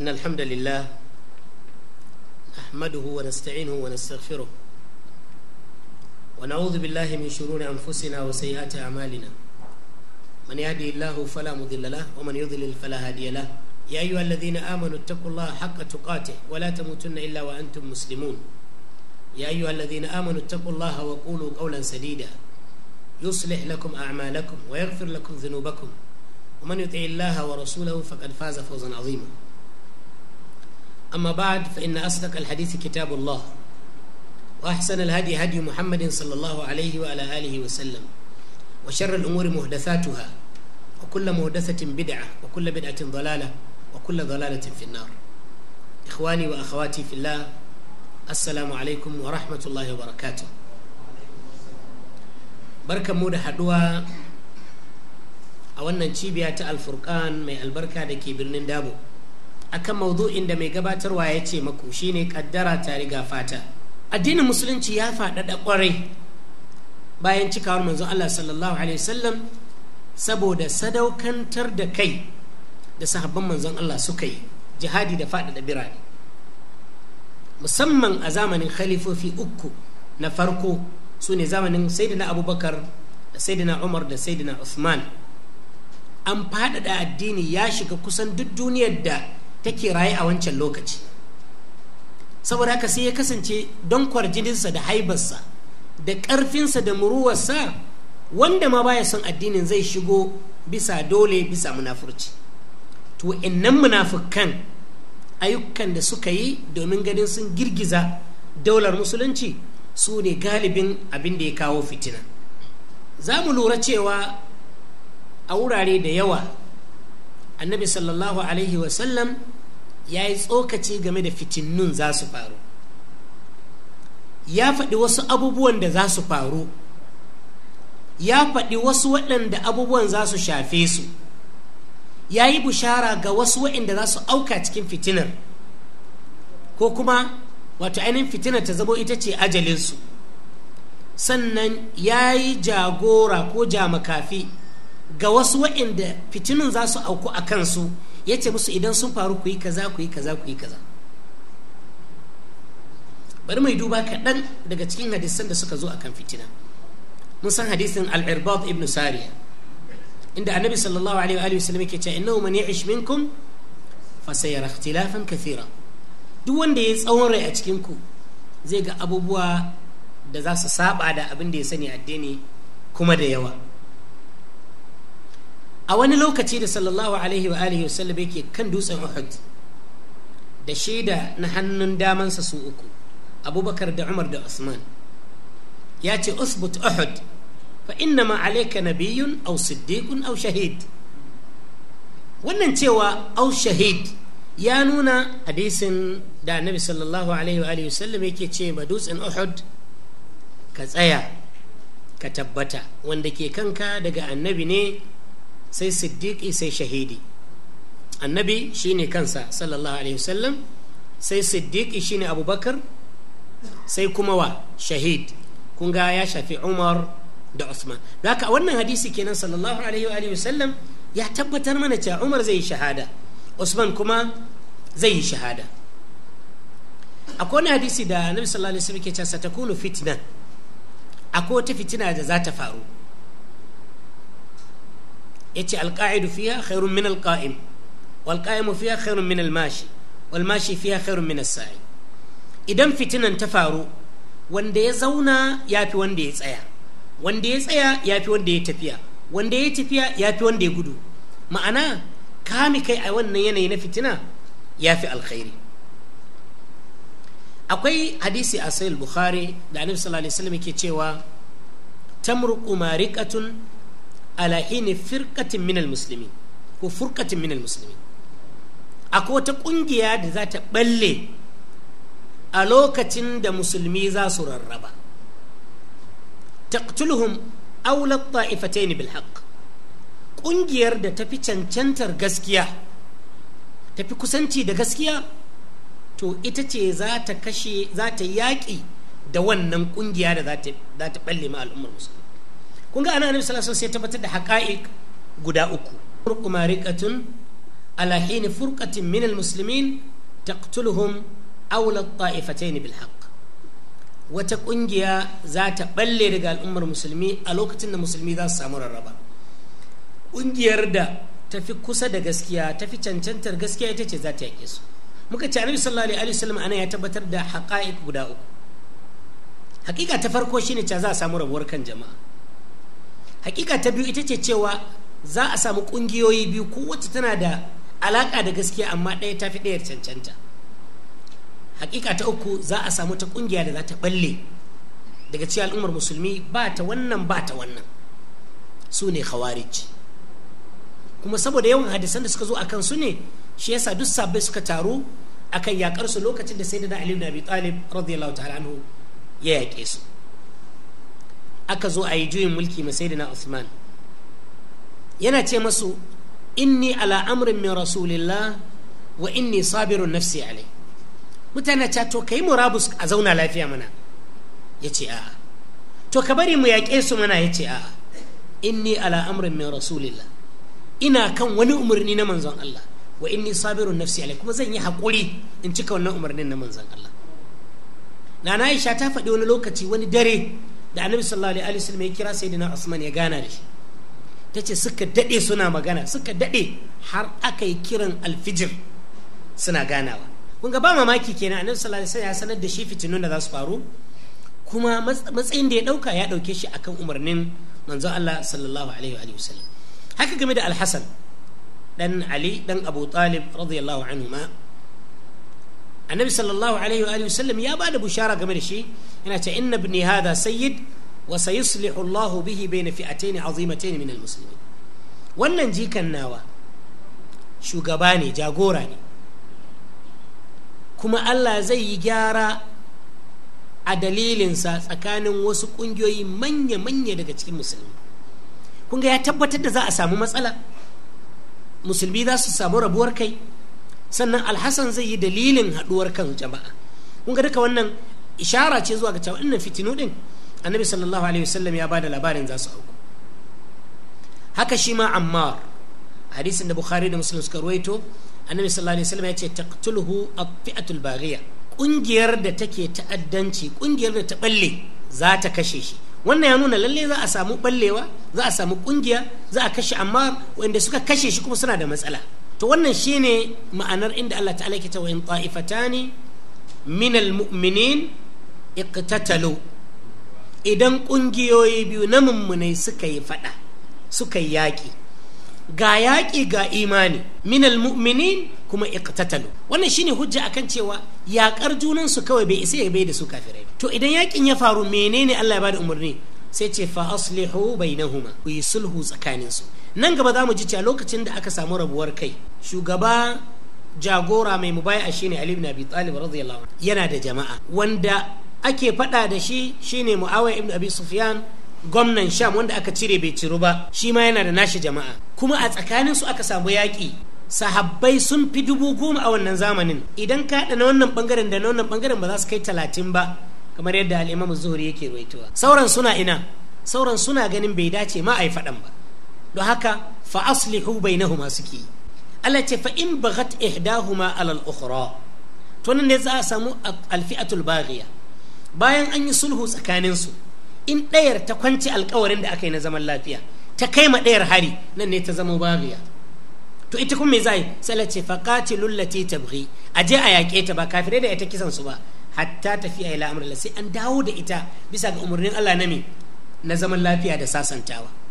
إن الحمد لله نحمده ونستعينه ونستغفره ونعوذ بالله من شرور أنفسنا وسيئات أعمالنا من يهدي الله فلا مضل له ومن يضلل فلا هادي له يا أيها الذين آمنوا اتقوا الله حق تقاته ولا تموتن إلا وأنتم مسلمون يا أيها الذين آمنوا اتقوا الله وقولوا قولا سديدا يصلح لكم أعمالكم ويغفر لكم ذنوبكم ومن يطع الله ورسوله فقد فاز فوزا عظيما أما بعد فإن أصدق الحديث كتاب الله وأحسن الهدي هدي محمد صلى الله عليه وعلى آله وسلم وشر الأمور محدثاتها وكل محدثة بدعة وكل بدعة ضلالة وكل ضلالة في النار إخواني وأخواتي في الله السلام عليكم ورحمة الله وبركاته بركة مودة حدوى أولا تشيبيا الفرقان من البركة دكي برنين دابو akan maudu'in da mai gabatarwa ya ce maku shine kaddara ta riga fata addinin musulunci ya faɗaɗa ƙwarai bayan cikawar manzo Allah sallallahu alaihi wasallam saboda sadaukantar da kai da sahabban manzon Allah suka yi jihadi da faɗaɗa birane musamman a zamanin khalifofi uku na farko su ne zamanin Sayyidina abubakar da Sayyidina umar da Sayyidina Usman. an faɗaɗa addini ya shiga kusan duk duniyar da take raye a wancan lokaci saboda haka sai ya kasance don kwarjininsa da haibarsa da ƙarfinsa da muruwarsa wanda ma baya son addinin zai shigo bisa dole bisa munafurci to innan munafukan ayyukan da suka yi domin ganin sun girgiza daular musulunci su ne galibin abin da ya kawo fitina za mu lura cewa a wurare da yawa annabi sallallahu alaihi wasallam ya yi tsokaci game da fitinnun za su faru ya faɗi wasu abubuwan da za su faru ya faɗi wasu waɗanda abubuwan za su shafe su ya yi bushara ga wasu waɗanda za su auka cikin fitinar ko kuma wato ainihin fitinar ta zamo ita ce ajalinsu sannan ya yi jagora ko jamakafi ga wasu waɗanda fitinin za su auku a kansu ya ce musu idan sun faru ku yi kaza ku yi kaza ku yi kaza bari mai duba kaɗan daga cikin hadisan da suka zo akan fitina mun san hadisin al-irbad ibn sariya inda annabi sallallahu alaihi wa sallam yake cewa innahu man ya'ish minkum fa sayara ikhtilafan kathira duk wanda ya tsawon rai a cikin ku zai ga abubuwa da za su saba da abin da ya sani addini kuma da yawa a wani lokaci da sallallahu alaihi wa alihi wasallam yake kan dutsen uhud da shaida na hannun damansa su uku abubakar da umar da usman ya ce usbut uhud fa ma alayka nabiyyun aw siddiqun aw shahid wannan cewa aw shahid ya nuna hadisin da annabi sallallahu alaihi wa alihi wasallam yake ce ma dutsen uhud ka tsaya ka tabbata wanda ke kanka daga annabi ne sai siddiqi sai shahidi annabi shine kansa sallallahu alaihi wasallam sai siddiqi shine abubakar sai kuma wa shahid kun ga ya shafi umar da usman zaka wannan hadisi kenan sallallahu alaihi wasallam ya tabbatar mana cewa umar zai yi shahada usman kuma zai yi shahada akwai wani hadisi da annabi sallallahu alaihi wasallam ke cewa satakunu fitna akwai wata fitina da za ta faru yace alqa'idu fiha khairun min alqa'im wal qa'imu fiha khairun min almashi wal mashi fiha khairun min as-sa'i idan fitinan ta faru wanda ya zauna yafi wanda ya tsaya wanda ya tsaya yafi wanda ya tafiya wanda ya tafiya yafi wanda ya gudu ma'ana kame kai a wannan yanayi na fitina yafi alkhairi akwai hadisi a sahih bukhari da annabi sallallahu alaihi wasallam yake cewa tamruqu mariqatun ala hini firqatin minal musulmi ko furqatin minal musulmi akwai wata ƙungiya da za ta balle a lokacin da musulmi za su rarraba taqtuluhum awla ta'ifatayn bil haqq kungiyar da tafi cancantar gaskiya tafi kusanci da gaskiya to ita ce za ta kashe za ta yaƙi da wannan ƙungiya da za ta balle ma al'ummar musulmi kun ga ana annabi sallallahu alaihi wasallam sai tabbatar da haqa'iq guda uku furqu mariqatun ala hin furqatin min almuslimin taqtuluhum awla at-ta'ifatayn bil haqq wata kungiya za ta balle daga al'ummar musulmi a lokacin da musulmi za su samu rarraba kungiyar da ta fi kusa da gaskiya ta fi cancantar gaskiya ita ce za ta yake su muka ce annabi sallallahu alaihi wasallam ana ya tabbatar da haqa'iq guda uku hakika ta farko shine cewa za a samu rabuwar kan jama'a hakika ta biyu ita ce cewa za a samu kungiyoyi biyu ko wacce tana da alaka da gaskiya amma ɗaya ta fi ɗayar cancanta hakika ta uku za a samu ta kungiya da za ta balle daga cikin al'ummar musulmi ba ta wannan ba ta wannan su ne khawarij kuma saboda yawan hadisan da suka zo akan su ne shi yasa duk sabbai suka taru akan yakar su lokacin da sai da Ali ibn Abi Talib radiyallahu ta'ala anhu ya yake su aka zo a yi juyin mulki ma sayyidina Uthman yana ce masu inni ala amrin min rasulillah wa inni sabirun nafsi alai mutane ta to kai murabus a zauna lafiya mana ya ce a'a to ka bari mu yaƙe su mana ya ce a'a inni ala amrin min rasulillah ina kan wani umarni na manzon Allah wa inni sabirun nafsi alai kuma zan yi haƙuri in cika wannan umarnin na manzon Allah nana Aisha ta faɗi wani lokaci wani dare da annabi sallallahu alaihi wasallam ya kira sayyidina usman ya gana da shi tace suka dade suna magana suka dade har aka yi kiran alfijir suna ganawa kun ga ba mamaki kenan annabi sallallahu alaihi wasallam ya sanar da shi fitinun da za su faru kuma matsayin da ya dauka ya dauke shi akan umarnin manzo Allah sallallahu alaihi wa haka game da alhasan dan ali dan abu talib radiyallahu anhu ma annabi sallallahu alaihi wa alihi wasallam ya bada bushara game da shi yana ce inna ibni hada sayyid wa sayuslihu Allah bihi bayna fi'atayn azimatayn min almuslimin wannan jikan nawa shugaba ne jagora ne kuma Allah zai yi gyara a dalilinsa tsakanin wasu ƙungiyoyi manya-manya daga cikin musulmi kunga ya tabbatar da za a samu matsala musulmi za su samu rabuwar kai sannan alhassan zai yi dalilin haɗuwar kan jama'a kun ga duka wannan ishara ce zuwa ga cewa innan fitinu din annabi sallallahu alaihi wasallam ya bada labarin za su auku haka shi ma ammar hadisin da bukhari da muslim suka ruwaito annabi sallallahu alaihi wasallam ya ce taqtuluhu at-fi'atul baghiya kungiyar da take ta'addanci kungiyar da ta balle za ta kashe shi wannan ya nuna lalle za a samu ballewa za a samu kungiya za a kashe ammar wanda suka kashe shi kuma suna da matsala to wannan shine ma'anar inda Allah ta'ala ke cewa in ta'ifatani min almu'minin iqtatalu idan kungiyoyi biyu na mummunai suka yi fada suka yi yaƙi ga yaƙi ga imani min almu'minin kuma iqtatalu wannan shine hujja akan cewa yaƙar junansu kawai bai isa ya bai da su kafirai to idan yaƙin ya faru menene Allah ya bada umarni sai ce fa aslihu bainahuma ku yi sulhu tsakaninsu nan gaba za mu ji cewa lokacin da aka samu rabuwar kai shugaba jagora mai mubaya shine Ali ibn Abi Talib radiyallahu anhu yana da jama'a wanda ake faɗa da shi shine Muawiya ibn Abi Sufyan gwamnan Sham wanda aka cire bai ciru ba shi ma yana da nashi jama'a kuma a tsakanin su aka samu yaƙi sahabbai sun fi dubu goma a wannan zamanin idan ka na wannan bangaren da na wannan bangaren ba za su kai talatin ba kamar yadda al'imamu zuhuri yake ruwaitowa sauran suna ina sauran suna ganin bai dace ma a yi faɗan ba don haka fa aslihu bainahuma suke Allah ce fa in baghat ihdahuma alal ukhra to nan ne za a samu alfi'atul baghiya bayan an yi sulhu tsakanin su in ɗayar ta kwanci alkawarin da aka yi na zaman lafiya ta kai ma ɗayar hari nan ne ta zama baghiya to ita kuma me za yi sai ce fa qatilul lati tabghi aje a yaƙe ta ba kafirai da ita kisan su ba hatta tafiya ila amrul sai an dawo da ita bisa ga umarnin Allah na me na zaman lafiya da sasantawa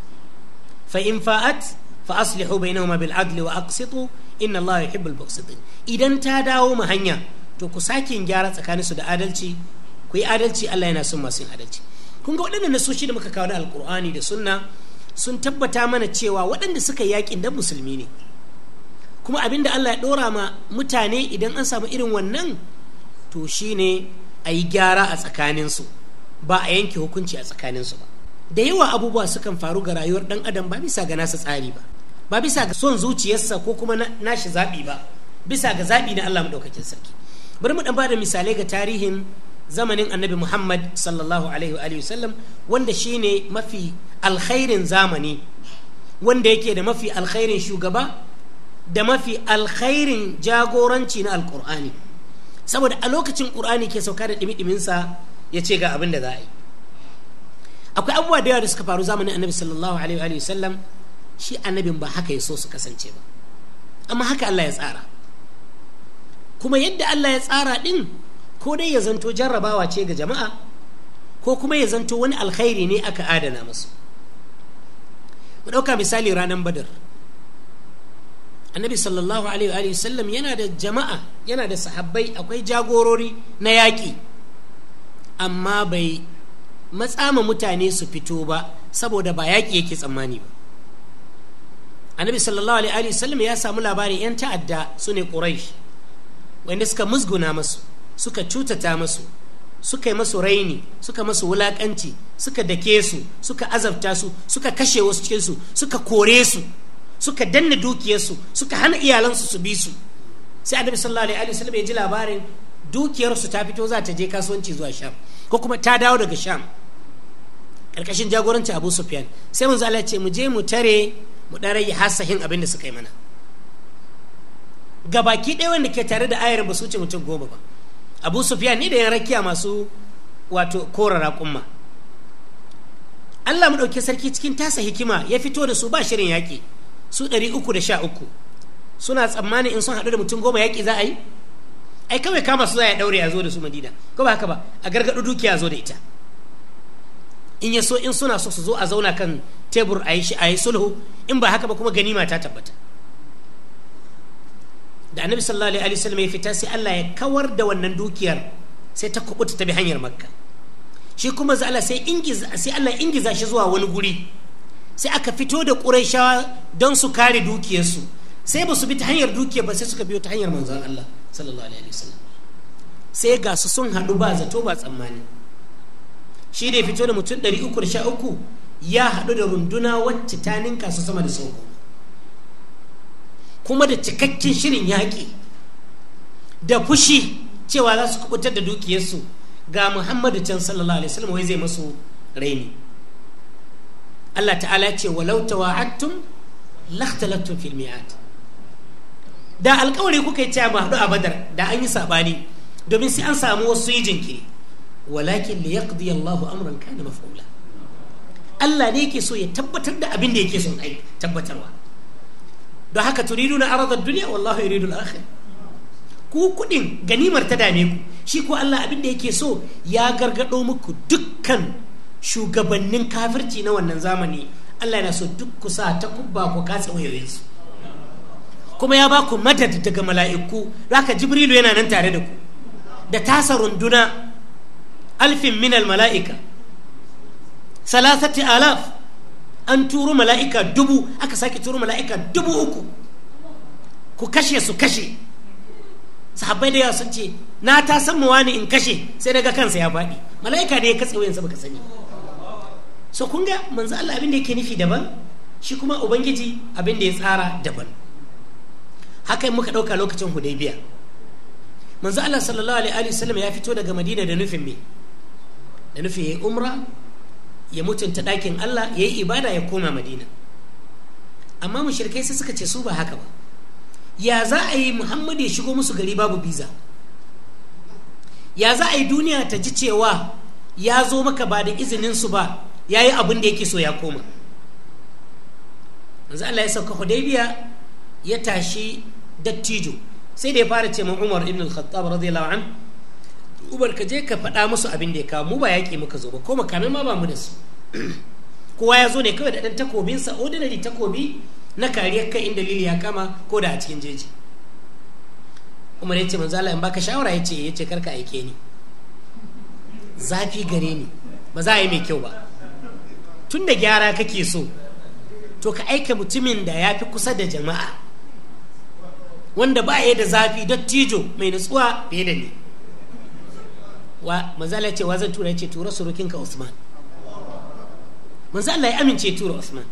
fa in fa'at fa aslihu bainahuma bil adli wa aksitu inna Allah ya hibbul muqsitin idan ta dawo mu hanya to ku sake gyara tsakaninsu da adalci ku yi adalci Allah yana son masu yin adalci kun ga na nasoshi da muka kawo da alkur'ani da sunna sun tabbata mana cewa waɗanda suka yi yaƙin da musulmi ne kuma abinda Allah ya ɗora ma mutane idan an samu irin wannan to shine a yi gyara a tsakaninsu ba a yanke hukunci a tsakaninsu ba da yawa abubuwa sukan faru ga rayuwar dan adam ba bisa ga nasa tsari ba ba bisa ga son zuciyarsa ko kuma nashi zaɓi ba bisa ga zaɓi na Allah maɗaukakin sarki bari mu dan bada misalai ga tarihin zamanin annabi Muhammad sallallahu alaihi wa sallam wanda shine mafi alkhairin zamani wanda yake da mafi alkhairin shugaba da mafi alkhairin jagoranci na alkur'ani saboda a lokacin ƙur'ani ke sauka da ɗimi-ɗiminsa ya ce ga abin da za a yi akwai abubuwa da yawa da suka faru zamanin annabi sallallahu alaihi wa sallam shi annabin ba haka ya so su kasance ba amma haka Allah ya tsara kuma yadda Allah ya tsara din ko dai ya zanto jarrabawa ce ga jama'a ko kuma ya zanto wani alkhairi ne aka adana masu mu ɗauka misali ranar badar annabi sallallahu alaihi wa sallam yana da jama'a yana da sahabbai akwai jagorori na yaƙi amma bai matsama mutane su fito ba saboda ba yaƙi yake tsammani ba annabi sallallahu alaihi wasallam ya samu labarin 'yan ta'adda su ne quraish wanda suka musguna masu suka cutata masu suka yi masu raini suka masu wulakanci suka dake su suka azabta su suka kashe wasu cikin su suka kore su suka danna dukiyarsu suka hana iyalansu su bi su sai annabi sallallahu alaihi wasallam ya ji labarin dukiyarsu ta fito za ta je kasuwanci zuwa sham ko kuma ta dawo daga sham ƙarƙashin jagoranci abu sufyan sai mun zala ce mu je mu tare mu dan rage hasahin abin da suka yi mana gabaki ɗaya wanda ke tare da ayarin ba su ce mutum goma ba abu sufyan ni da yan rakiya masu wato korara kumma Allah mu ɗauki sarki cikin tasa hikima ya fito da su ba shirin yaƙi su ɗari uku da sha uku suna tsammanin in sun haɗu da mutum goma yaƙi za a yi ai kawai kama su za ya daure ya zo da su madina ko ba haka ba a gargadu dukiya zo da ita in ya so in suna so su zo a zauna kan tebur a yi a yi sulhu in ba haka ba kuma ganima ta tabbata da annabi sallallahu alaihi wasallam ya fita sai Allah ya kawar da wannan dukiyar sai ta kubuta ta bi hanyar makka shi kuma za Allah sai ingiza sai Allah ingiza shi zuwa wani guri sai aka fito da quraishawa don su kare dukiyarsu sai ba su bi ta hanyar dukiyar ba sai suka biyo ta hanyar manzon Allah sallallahu alaihi wasallam sai ga su sun haɗu ba zato ba tsammani shi ne fito da mutum 313 ya haɗu da runduna wacce ta ninka su sama da sau kuma da cikakken shirin yaƙi da fushi cewa za su kubutar da dukiyarsu ga muhammadu can sallallahu alaihi wasallam wai zai masu raini Allah ta'ala ce walau tawa'attum lahtalatum fil mi'at da alkawari kuka yi cewa haɗu a badar da an yi saɓani domin sai an samu wasu yi jinkiri walakin li yaqdi Allahu amran kana maf'ula Allah ne yake so ya tabbatar da abin da yake son ai tabbatarwa don haka turiduna arzikin dunya wallahu yuridu al-akhirah ku kudin ganimar ta dame ku shi ko Allah abin da yake so ya gargado muku dukkan shugabannin kafirci na wannan zamani Allah yana so duk ku sa ta kubba ku kasa wayoyinsu kuma ya baku madad daga mala'iku haka jibrilu yana nan tare da ku da tasa runduna alfin minal mala'ika salasati alaf an turu mala'ika dubu aka sake turu mala'ika dubu uku ku kashe su kashe sahabbai da yawa sun ce na ta san mu wani in kashe sai daga kansa ya faɗi mala'ika ne ya katse wayansa baka sani so kun ga manzo Allah abin da yake nufi daban shi kuma ubangiji abin da ya tsara daban haka muka ɗauka lokacin hudaibiya. manzo Allah sallallahu alaihi wasallam ya fito daga madina da nufin me da nufin yayi umra ya mutunta dakin Allah Yayi ibada ya koma madina amma mushrikai sai suka ce su ba haka ba ya za a yi muhammadu ya shigo musu gari babu biza ya za a yi duniya ta ji cewa ya zo maka ba da izinin su ba Yayi yi abin da yake so ya koma yanzu Allah ya sauka hudaybiya ya tashi dattijo sai da ya fara ce min umar ibn al-khattab radiyallahu an umar ka je ka faɗa musu abin da ya kawo mu ba yaƙi muka zo ba ko makamin ma ba mu da su kowa ya zo ne kawai da ɗan takobinsa ordinary takobi na kariyar kai inda lili ya kama ko da a cikin jeji umar ya ce manzo Allah in baka shawara ya ce ya ce karka aike ni zafi gare ni ba za a yi mai kyau ba tun da gyara kake so to ka aika mutumin da ya fi kusa da jama'a wanda ba ya da zafi dattijo mai nutsuwa fiye da ni wa manzala ce wa zan tura ya ce tura surukinka usman manzo ya amince tura usman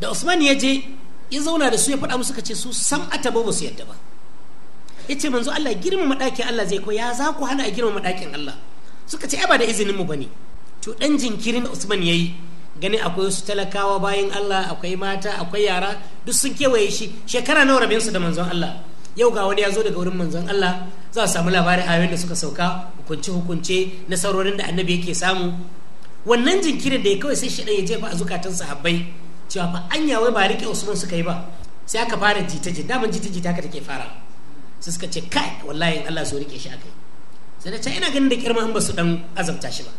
da usman ya je ya zauna da su ya faɗa musu kace su sam ataba ba su yadda ba ya ce manzo Allah girmama ɗakin Allah zai ko ya za ku hana a girmama ɗakin Allah suka ce ai ba da izinin mu bane to dan jinkirin da usman ya yi gani akwai wasu talakawa bayan Allah akwai mata akwai yara duk sun kewaye shi shekara nawa rabin su da manzon Allah yau ga wani ya zo daga wurin manzon Allah za a samu labarin ayoyin da suka sauka hukunce hukunce na saurorin da annabi yake samu wannan jinkirin da ya kawai sai shaɗan ya jefa a zukatan sahabbai cewa fa anya wai ba rike Usman suka yi ba sai aka fara jita jita daman jita jita haka take fara sai suka ce kai wallahi Allah zo rike shi akai sai da ta ina ganin da kirma in ba su dan azabta shi ba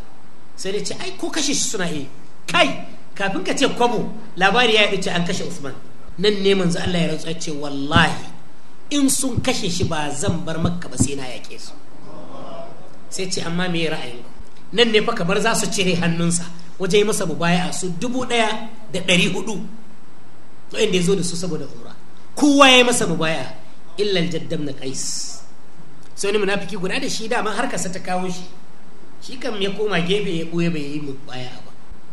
sai da ce ai ko kashe shi suna yi kai kafin ka ce kwabo labari ya ce an kashe usman nan ne manzo Allah ya rantsa ce wallahi in sun kashe shi ba zan bar makka ba sai na yake su sai ce amma me ra'ayin nan ne fa kamar za su cire hannunsa waje masa a su dubu daya da dari hudu to inda ya zo da su saboda umra kowa ya yi masa bubaya illa aljaddam na kais sai wani munafiki guda da shi dama har kasa ta kawo shi shi kam ya koma gefe ya boye bai yi mubaya'a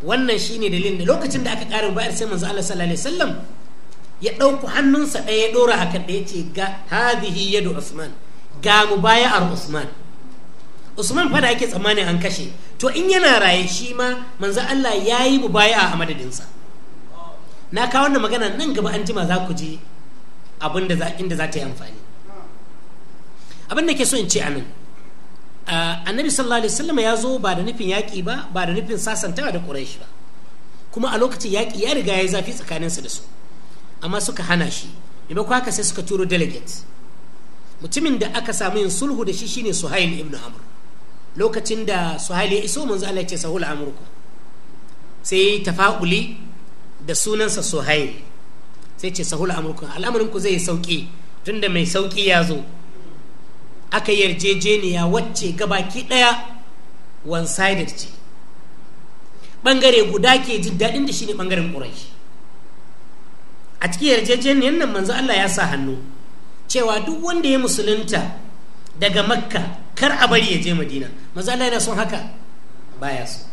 wannan shi ne dalilin da lokacin da aka karin bayar sai manzo Allah sallallahu alaihi wasallam ya ɗauku hannunsa ɗaya ya ɗora haka da ya ce ga hadhihi yadu Usman ga mubaya'ar Usman Usman fa da ake tsammanin an kashe to in yana raye shi ma manzo Allah yayi yi mubaya'a a madadinsa na kawo wannan magana nan gaba an jima za ku ji abin da inda za ta yi amfani abin da ke so in ce anan Eh, annabi sallallahu alaihi wasallam ya zo ba da nufin yaƙi ba ba da nufin sasantawa da quraish ba kuma a lokacin yaƙi ya riga ya zafi tsakaninsa da su amma suka hana shi ko haka sai suka turo delegate mutumin da aka samu yin sulhu da shi shine suhail ibn amr lokacin da suhail ya iso manzo Allah ya ce sahul amurku sai tafa'uli da sunansa suhail sai ce sahul amurku al'amarin ku zai sauki tunda mai sauki ya zo aka yarjejeniya wacce gabaki ɗaya one-sided ce ɓangare guda ke jin daɗin da shi ne ɓangaren ƙurai a cikin yarjejeniyar nan manzo Allah ya sa hannu cewa duk wanda ya musulunta daga makka kar a bari ya je madina manzo Allah yana son haka baya so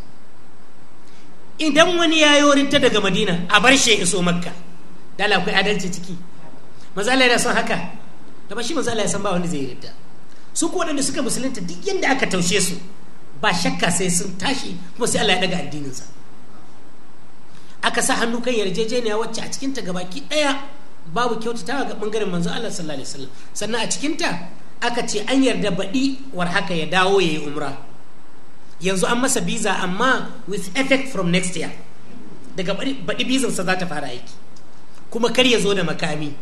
idan wani ya yi wurinta daga madina a bar shi iso makka dala akwai adalci ciki manzo Allah yana son haka da ba shi manzo Allah ya san ba wanda zai yi ridda su ko waɗanda suka musulunta duk yadda aka taushe su ba shakka sai sun tashi kuma sai Allah ya daga addininsa aka sa hannu kan yarjejeniya wacce a cikinta gabaki ɗaya babu kyautatawa ga bangaren manzo Allah sallallahu alaihi wasallam sannan a cikinta aka ce an yarda baɗi war haka ya dawo yayi umra yanzu an masa biza amma with effect from next year daga baɗi bizansa za ta fara aiki kuma kar ya zo da makami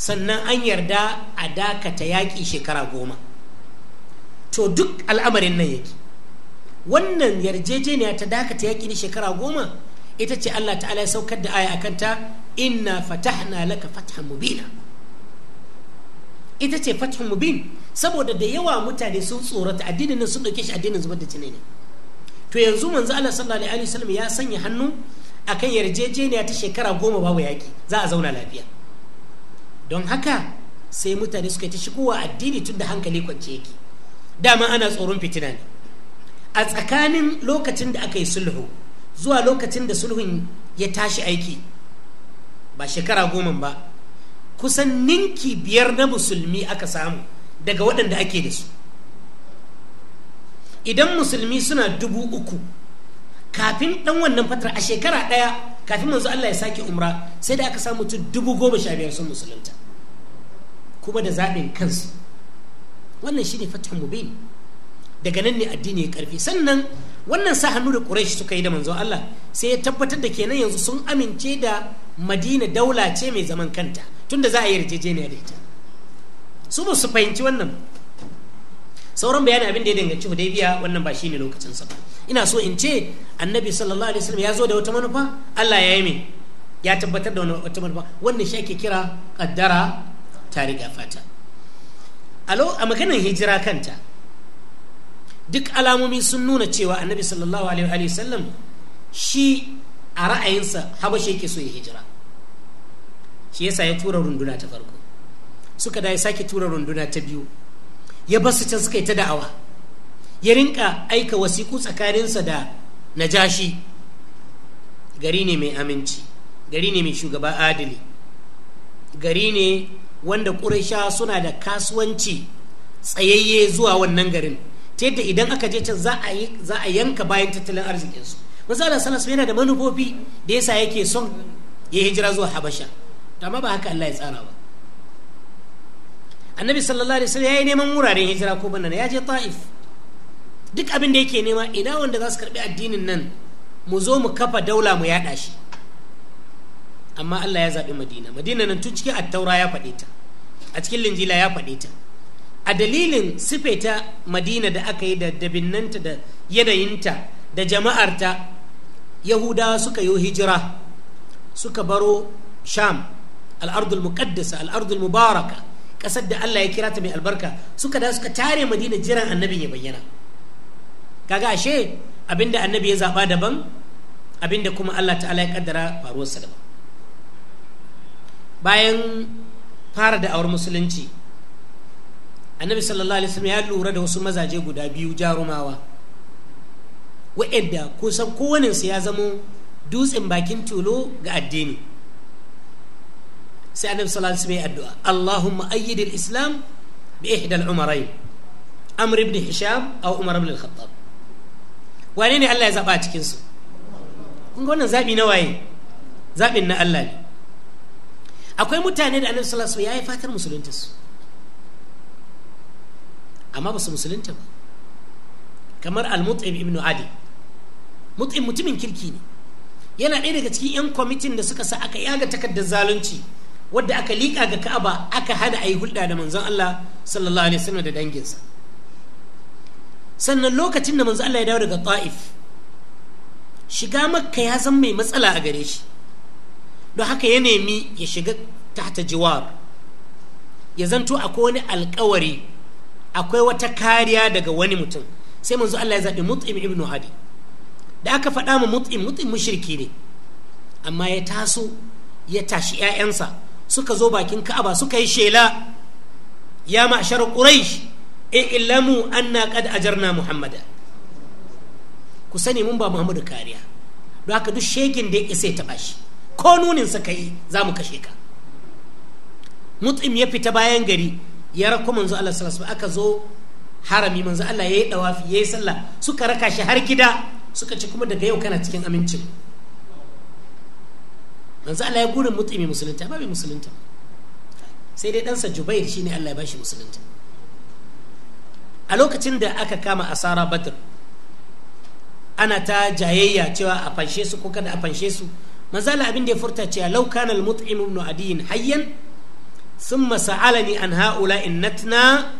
sannan an yarda a dakata yaƙi shekara goma to duk al'amarin nan yake wannan yarjejeniya ta dakata yaƙi na shekara goma ita ce Allah ta'ala ya saukar da aya a kanta inna fatahna laka fathan mubina ita ce fathan mubin saboda da yawa mutane sun tsorata addinin nan sun dauke shi addinin zubar da jini ne to yanzu manzo Allah sallallahu alaihi wasallam ya sanya hannu akan yarjejeniya ta shekara goma babu yaƙi za a zauna lafiya don haka sai mutane suka ta shigowa addini tun da hankali kwance yake dama ana tsoron fitina ne a tsakanin lokacin da aka yi sulhu zuwa lokacin da sulhun ya tashi aiki ba shekara goma ba kusan ninki biyar na musulmi aka samu daga waɗanda ake da su idan musulmi suna dubu uku kafin ɗan wannan fatar a shekara ɗaya kafin manzo Allah ya sake umra sai da aka samu dubu goma sha biyar sun musulunta kuma da zaɓin kansu wannan shine fatah mubin daga nan ne addini ya karfi sannan wannan sa hannu da quraish suka yi da manzo Allah sai ya tabbatar da kenan yanzu sun amince da madina daula ce mai zaman kanta tunda za a yi yarjejeniya da ita su ba su fahimci wannan sauran bayani abin da ya danganci hudaybiya wannan ba shine lokacin sa ina so in ce annabi sallallahu alaihi wasallam ya zo da wata manufa Allah ya yi mai ya tabbatar da wata manufa wannan shi ake kira kaddara ta riƙa fata a maganar hijira kanta duk alamomi sun nuna cewa annabi sallallahu alaihi sallam shi a ra'ayinsa habashi yake so ya hijira shi yasa ya tura runduna ta farko suka da ya sake tura runduna ta biyu ya su can suka yi ta da'awa ya rinka aika wasiku tsakaninsa da najashi gari ne mai aminci gari ne mai shugaba adali gari ne wanda ƙuraisha suna da kasuwanci tsayayye zuwa wannan garin ta yadda idan aka je can za a yanka bayan tattalin arzikinsu manzo Allah sallallahu yana da manufofi da yasa yake son ya hijira zuwa Habasha amma ba haka Allah ya tsara ba annabi sallallahu alaihi wasallam yayi neman wuraren hijira ko banana ya je Taif duk abin da yake nema ina wanda za su karbi addinin nan mu zo mu kafa daula mu yada shi amma Allah ya zaɓi madina madina nan tun cikin attaura ya faɗe ta a cikin linjila ya faɗe ta a dalilin ta madina da aka yi da dabinnanta da yanayinta da jama'arta yahudawa suka yi hijira suka baro sham al'ardul muqaddasa al'ardul mubaraka ƙasar da allah ya kira ta mai albarka suka da suka tare madina jiran annabi ya bayyana kaga ashe abinda annabi ya zaɓa daban abinda kuma allah ta'ala ya kaddara faruwarsa daban bayan fara da'awar musulunci annabi sallallahu alaihi wasallam ya lura da wasu mazaje guda biyu jarumawa san kusan kowaninsu ya zamo dutsen bakin tulo ga addini sai annabi sallallahu alaihi wasallam ya addu'a Allahumma ayyid al-islam bi ihda al-umarayn amr ibn hisham aw umar ibn al-khattab wane ne Allah ya zaba a cikin su kun ga wannan zabi na waye zabin na Allah ne akwai mutane da annabi sallallahu alaihi wasallam ya yi fatar musulunta su amma ba su musulunta ba kamar al-mut'im ibn adi mut'im mutumin kirki ne yana ɗaya daga cikin 'yan kwamitin da suka sa aka yaga takardar zalunci wadda aka liƙa ga ka'aba aka hana a yi hulɗa da manzon Allah sallallahu alaihi wasallam da danginsa sannan lokacin da manzon Allah ya dawo daga ta'if shiga makka ya zama mai matsala a gare shi don haka ya nemi ya shiga tahta jiwar ya zanto akwai wani alkawari akwai wata kariya daga wani mutum sai manzo Allah ya zaɓi mut'im ibnu hadi da aka faɗa mu mut'im mut'im mushriki ne amma ya taso ya tashi ƴaƴansa suka zo bakin ka'aba suka yi shela ya ma'shar quraish e illamu anna qad ajarna muhammada ku sani mun ba muhammadu kariya don haka duk shegin da ya isa ya taɓa ko nunin sa kai za mu kashe ka mutum ya fita bayan gari ya rako manzo Allah sallallahu alaihi aka zo harami manzo Allah yayi dawafi yayi sallah suka raka shi har gida suka ci kuma daga yau kana cikin amincin manzo Allah ya gurin mut'imi musulunta ba musulunta sai dai ɗansa Jubair shine Allah ya bashi musulunta a lokacin da aka kama asara Badr ana ta jayayya cewa a fanshe su ko kada a fanshe su manzala abin da ya furta cewa law kana al mut'im ibn adiyin hayyan thumma sa'alani an haula in natna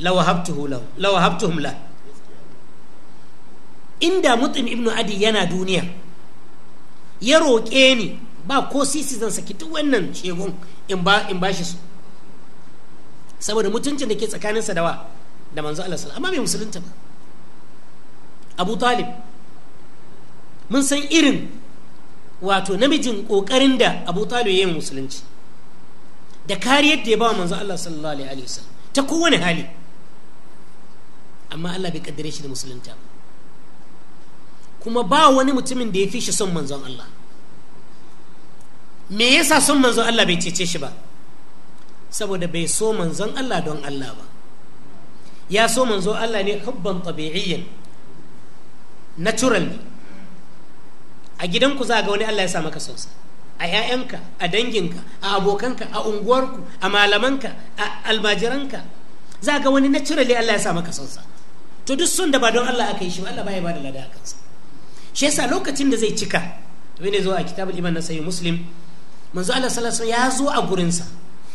law habtuhu law law habtuhum la inda mut'im ibn adi yana duniya ya roƙe ni ba ko sisi zan saki duk wannan shegun in ba in bashi su saboda mutuncin da ke tsakaninsa da wa da manzo Allah sallallahu amma bai musulunta ba Abu Talib mun san irin wato namijin kokarin da Abu talibu ya yi musulunci da kariyar da ya ba manzo Allah sallallahu alaihi wasallam ta kowane hali amma Allah bai kaddare shi da musulunta kuma ba wani mutumin da ya fi shi son manzon Allah me yasa son manzon Allah bai cece shi ba saboda bai so manzon Allah don Allah ba ya so manzo Allah ne hubban tabi'iyyan natural a gidanku za ga wani Allah ya sa maka sonsa a 'ya'yanka a danginka a abokanka a unguwarku a malamanka a almajiranka za ga wani naturally Allah ya sa maka sonsa to duk son da ba don Allah aka yi shi ba Allah baya ba da lada kansa shi yasa lokacin da zai cika wani zo a kitabul iman na sayi muslim manzo Allah sallallahu alaihi ya zo a gurinsa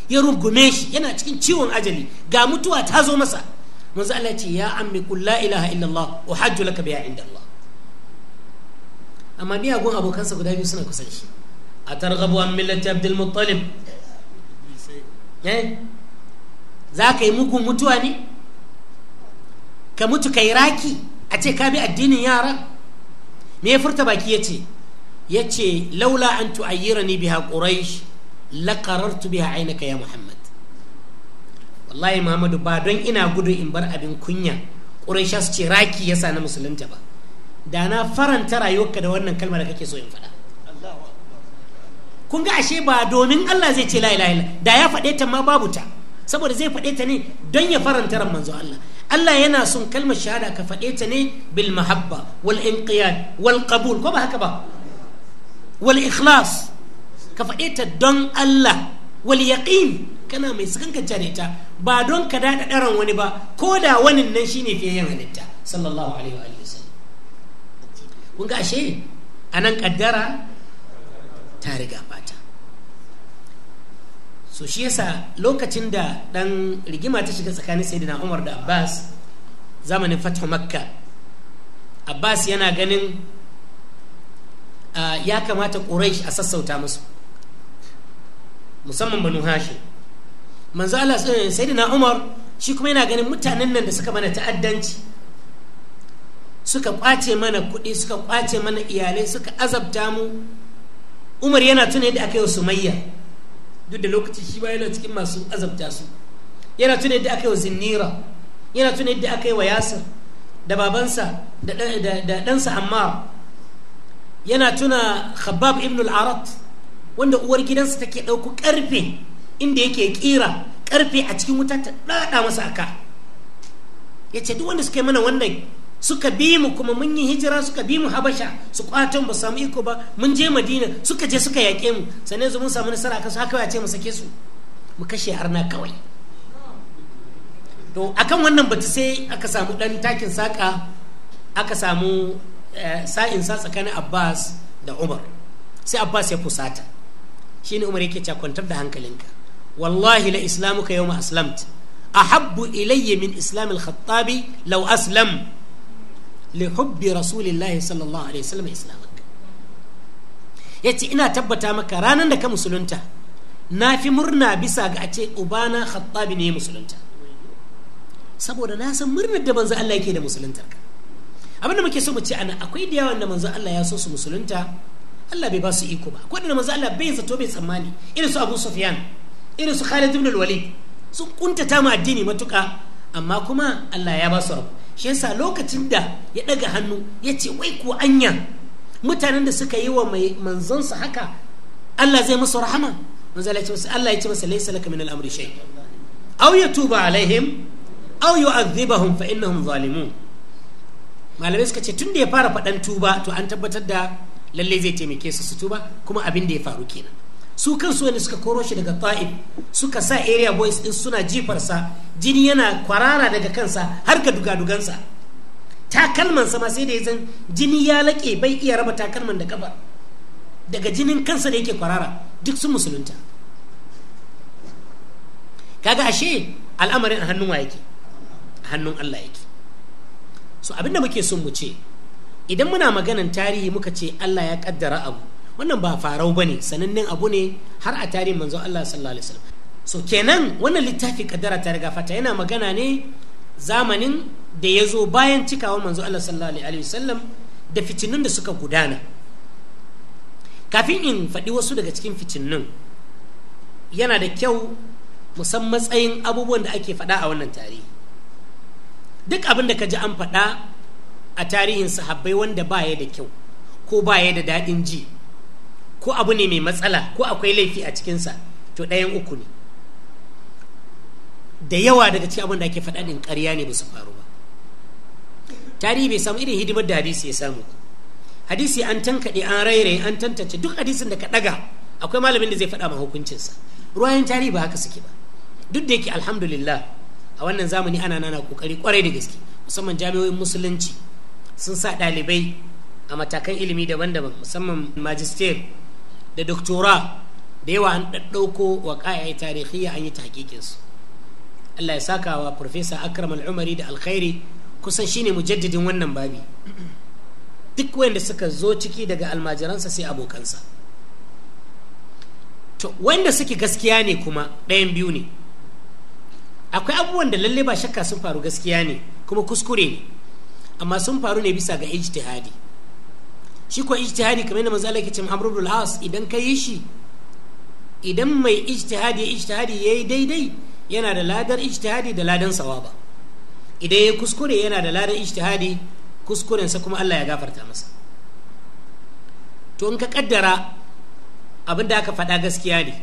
ya rugume shi yana cikin ciwon ajali ga mutuwa ta zo masa manzo Allah ya ce ya ammi kullu la ilaha illallah uhajju laka biya inda Allah amma miyagun abokansa guda biyu suna kusan shi a targabu an millati abdul muttalib eh? za ka yi mugun mutuwa ne ka mutu ka yi raki a ce ka bi addinin yara me ya furta baki ya ce ya ce laula an tu'ayyira ni biha quraish la qarartu biha ainaka ya muhammad wallahi muhammadu ba don ina gudu in bar abin kunya quraisha su ce raki yasa na musulunta ba da na faranta rayuwarka da wannan kalma da kake so in faɗa kun ga ashe ba domin Allah zai ce la ilaha illa da ya faɗe ta ma babu ta saboda zai faɗe ta ne don ya faranta ran manzo Allah Allah yana son kalmar shahada ka faɗe ta ne bil mahabba wal inqiyad wal qabul ko ba haka ba wal ikhlas ka faɗe ta don Allah wal yaqin kana mai sakanka tare ta. ba don ka daɗa ɗaran wani ba ko da wani nan shine fiye yin halitta sallallahu alaihi wa sallam kun ga A nan kaddara ta riga bata so shi yasa lokacin da dan rigima ta shiga tsakanin sayyidina Umar da Abbas zamanin fathu makka Abbas yana ganin ah, ya kamata Quraysh a sassauta musu musamman banu hashim manzo Allah eh, sayyidina Umar shi kuma yana ganin mutanen nan da suka mana ta'addanci suka kwace mana kuɗi suka kwace mana iyalai suka azabta mu umar yana tuna yadda aka yi wa sumayya duk da lokaci shi ba yana cikin masu azabta su yana tuna yadda aka yi wa zinnira yana tuna yadda aka yi wa yasir da babansa da ɗansa ammar yana tuna khabbab ibn al-arat wanda uwar gidansa take ɗauko ƙarfe inda yake ƙira ƙarfe a cikin wuta ta ɗaɗa masa aka yace ce duk wanda suka yi mana wannan suka bi mu kuma mun yi hijira suka bi mu habasha su kwato ba samu iko ba mun je madina suka je suka yaƙe mu sannan yanzu mun samu nasara akan su haka ce mu sake su mu kashe harna kawai to akan wannan batu sai aka samu dan takin saka aka samu eh, sa'in sa tsakanin abbas da umar sai abbas ya fusata shine umar yake cewa kwantar da hankalinka wallahi la islamuka yawma aslamt ahabbu ilayya min islamil khattabi law aslam lihubbi hubbi rasulillahi sallallahu alaihi wasallam islamak yace ina tabbata maka ranar da ka musulunta na fi murna bisa ga ace ubana khattabi ne musulunta saboda na san murnar da manzo Allah yake da musuluntar ka abinda muke so mu ce ana akwai da yawan da manzo Allah ya so su musulunta Allah bai ba su iko ba akwai da manzo Allah bai zato bai tsammani irin su Abu Sufyan irin su Khalid ibn al-Walid sun kuntata mu addini matuka amma kuma Allah ya ba su rabu shi yasa lokacin da ya daga hannu ya ce wai ko anya mutanen da suka yi wa mai manzonsa haka Allah zai musu rahama Allah ya Allah ya ce masa laysa laka min al-amri shay aw yatuba alaihim aw yu'adhibahum fa innahum zalimun malamai suka ce tun da ya fara faɗan tuba to an tabbatar da lallai zai taimake su su tuba kuma abin da ya faru kenan su kansu wanda suka koro shi daga ta'if suka sa area boys din suna jifarsa jini yana kwarara daga kansa har ga dugadugansa takalman sama sai da yanzu jini ya laƙe bai iya raba takalman da kafa daga jinin kansa da yake kwarara duk sun musulunta kaga ashe al'amarin hannun wa yake hannun Allah yake so abinda muke son mu ce idan muna maganan tarihi muka ce Allah ya kaddara abu wannan ba farau bane sanannen abu ne har a tarihin manzo Allah sallallahu alaihi wasallam so kenan wannan littafi kaddara ta riga fata yana magana ne zamanin da ya zo bayan cikawa manzo Allah sallallahu alaihi wasallam da fitinun da suka gudana kafin in faɗi wasu daga cikin fitinun yana da kyau musamman matsayin abubuwan da ake faɗa a wannan tarihi duk abin da ka ji an faɗa a tarihin sahabbai wanda ba ya da kyau ko ba ya da daɗin ji ko abu ne mai matsala ko akwai laifi a cikinsa to ɗayan uku ne da yawa daga cikin abin da ake faɗa ɗin ƙarya ne ba su faru ba tarihi bai samu irin hidimar da hadisi ya samu hadisi an tankaɗe an rairaye an tantance duk hadisin da ka ɗaga akwai malamin da zai faɗa ma hukuncinsa ruwayen tarihi ba haka suke ba duk da yake alhamdulillah a wannan zamani ana nana kokari kwarai da gaske musamman jami'o'in musulunci sun sa ɗalibai a matakan ilimi daban-daban musamman magister da doktora da yawa an ɗaɗɗauko wa tarihi tarihiyya an yi tahqiqinsu Allah ya saka wa Profesa Akram Al-Umari da Alkhairi kusan shine mujaddidin wannan babi duk wanda suka zo ciki daga almajiransa sai abokansa to wanda suke gaskiya ne kuma ɗayan biyu ne akwai abubuwan da lalle ba shakka sun faru gaskiya ne kuma kuskure ne amma sun faru ne bisa ga ijtihadi shi ko ijtihadi kamar yadda manzo ke yake cewa Amr idan ka yi shi idan mai ijtihadi ijtihadi yayi daidai yana da ladar ijtihadi da ladan ba idan yayi kuskure yana da ladan ijtihadi kuskuren sa kuma Allah ya gafarta masa to in ka kaddara abin da aka faɗa gaskiya ne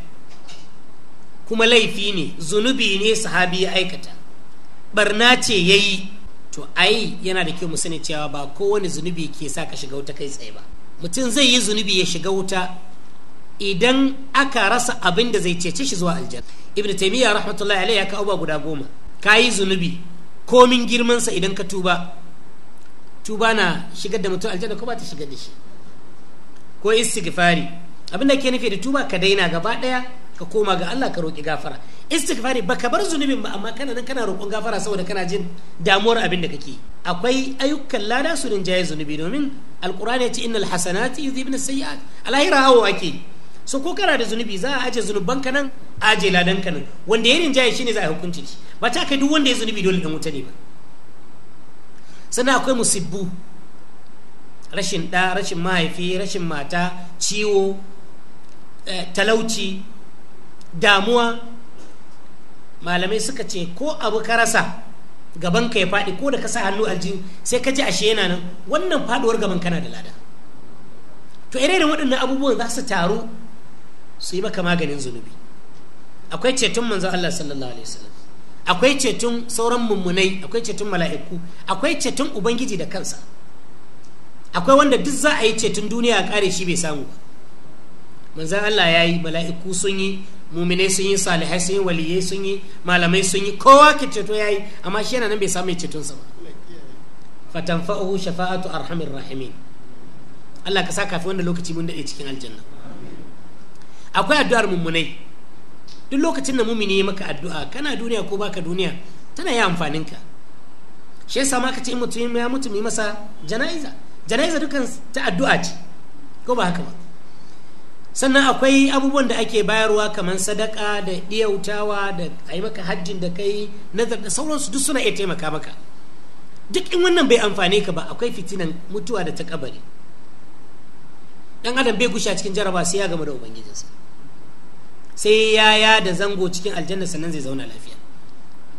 kuma laifi ne zunubi ne sahabi ya aikata barna ce yayi to ai yana da kyau mu sani cewa ba kowane zunubi ke sa ka shiga wuta kai tsaye ba mutum zai yi zunubi ya shiga wuta idan aka rasa abin da zai cece shi zuwa aljanna ibnu taymiya rahmatullahi alaihi ya ka ba guda goma kayi zunubi komin girmansa idan ka tuba tuba na shigar da mutum aljanna ko ba ta shigar da shi ko istighfari abin da ke nufi da tuba ka daina gaba daya ka koma ga Allah ka roƙi gafara istighfari ka bar zunubin ba amma kana nan kana roƙon gafara saboda kana jin damuwar abin da kake akwai ayyukan lada su rinjaye zunubi domin alqur'ani ya ce innal hasanati yudhibun sayyi'at alahira hawa ake so ko kana da zunubi za a aje zunuban ka nan aje ladan ka nan wanda ya rinjaye ne za a hukunci shi ba ta kai duk wanda ya zunubi dole dan wuta ne ba sannan akwai musibbu rashin ɗa rashin mahaifi rashin mata ciwo eh, talauci damuwa malamai suka ce ko abu ka rasa gaban ka ya faɗi ko da ka sa hannu aljihu sai ka ji ashe yana nan wannan faɗuwar gaban kana da lada to irin waɗannan abubuwan za su taru su yi maka maganin zunubi akwai ceton manzon Allah sallallahu alaihi wasallam akwai ceton sauran mummunai akwai ceton mala'iku akwai ceton ubangiji da kansa akwai wanda duk za a yi ceton duniya a kare shi bai samu ba manzan Allah ya yi mala'iku sun yi muminai sun yi salihai sun yi waliyai sun yi malamai sun yi kowa ke ceto ya yi amma shi yana nan bai samu sa ba fatan fa'uhu shafa'atu arhamir rahimin Allah ka sa kafin wanda lokaci mun dade cikin aljanna akwai addu'ar mummunai duk lokacin da mumini ya maka addu'a kana duniya ko baka duniya tana yi ka shi yasa ma ka ce mutum ya mutum yi masa jana'iza jana'iza dukan ta addu'a ce ko ba haka ba sannan akwai abubuwan da ake bayarwa kamar sadaka da iyautawa da a yi maka hajjin da kai nazar da sauransu duk suna iya taimaka maka duk in wannan bai amfane ka ba akwai fitinan mutuwa da ta kabari dan adam bai a cikin jaraba sai ya gama da ubangijinsa sai ya ya da zango cikin aljanna sannan zai zauna lafiya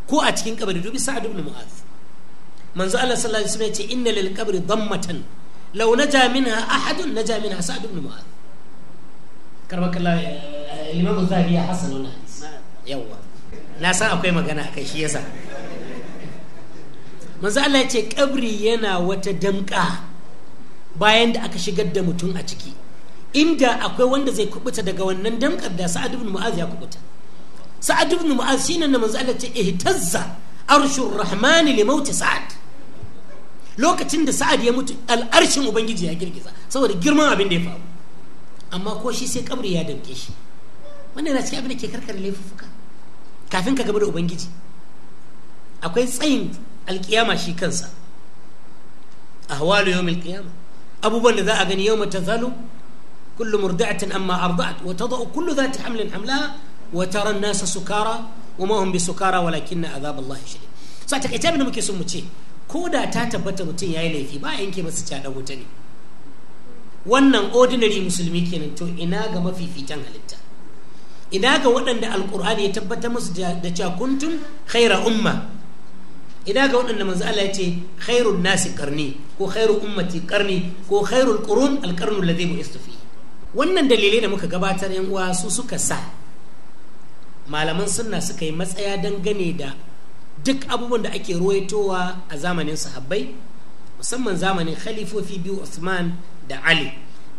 ko a cikin kabari dubi sa'ad ibn mu'az manzo Allah sallallahu alaihi wasallam ya ce inna lil qabri dammatan law naja minha ahadun naja minha sa'ad ibn mu'az karbakalla ya hasa nuna yawwa na san akwai magana akai shi yasa manzo Allah ya ce kabri yana wata damka bayan da aka shigar da mutum a ciki inda akwai wanda zai kubuta daga wannan damkar da sa'ad ibn mu'az ya kubuta sa'ad ibn mu'az shine na manzo Allah ya ce ihtazza arshur rahman li maut sa'ad lokacin da sa'ad ya mutu al'arshin ubangiji ya girgiza saboda girman abin da ya faru amma ko shi sai kabri ya dauke shi wannan na cikin abin da ke karkar laifuffuka kafin ka gaba da ubangiji akwai tsayin alkiyama shi kansa ahwalu yawmil alkiyama abubuwan da za a gani yawma tazalu kullu murdi'atin amma arda'at wa tadau kullu dhati hamlin hamla wa tara nasa sukara wa ma hum bisukara walakinna azab Allah shadid so a takaice abin da muke so mu ce ko da ta tabbata mutum yayi laifi ba yanke masa cada wuta ne wannan ordinary musulmi kenan to ina ga mafifitan halitta ina ga waɗanda alkur'ani ya tabbatar musu da cewa kuntum khaira umma ina ga waɗanda manzo Allah ya ce khairun nasi karni ko khairu ummati karni ko khairul qurun alqarnu alladhi bu'istu fi wannan dalilai da muka gabatar yan uwa su suka sa malaman sunna suka yi matsaya dangane da duk abubuwan da ake ruwaitowa a zamanin sahabbai musamman zamanin khalifofi biyu Usman da ali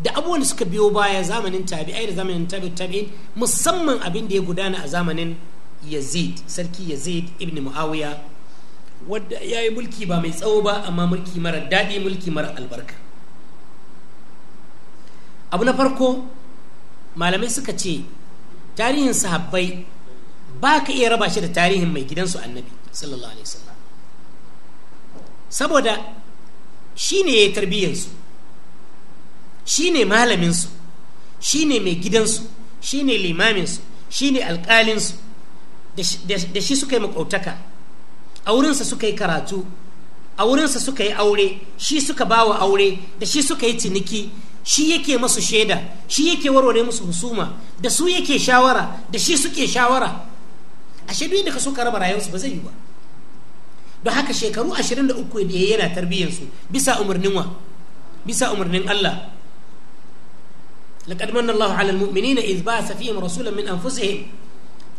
da abubuwan da suka biyo baya zamanin tabi'ai da zamanin tabi tabi'in musamman abin da ya gudana a zamanin yazid sarki yazid ibn muawiya wadda ya yi mulki ba mai tsawo ba amma mulki mara daɗi mulki mara albarka abu na farko malamai suka ce tarihin sahabbai ba ka iya raba shi da tarihin mai gidansu annabi sallallahu alaihi wasallam saboda shi ne ya yi tarbiyyarsu Shi ne malaminsu shi ne mai gidansu shi ne limaminsu shi ne alƙalinsu da shi suka yi makautaka a wurinsa suka yi karatu a wurinsa suka yi aure shi suka bawa aure da shi suka yi ciniki shi yake masu shaida shi yake warware musu husuma da su yake shawara da shi suke shawara a shaidu da ka so raba rayuwarsu ba zai yi ba don haka shekaru 23 da yana tarbiyyarsu bisa umarnin wa bisa umarnin Allah لقد من الله على المؤمنين إذ بعث فيهم رسولا من أنفسهم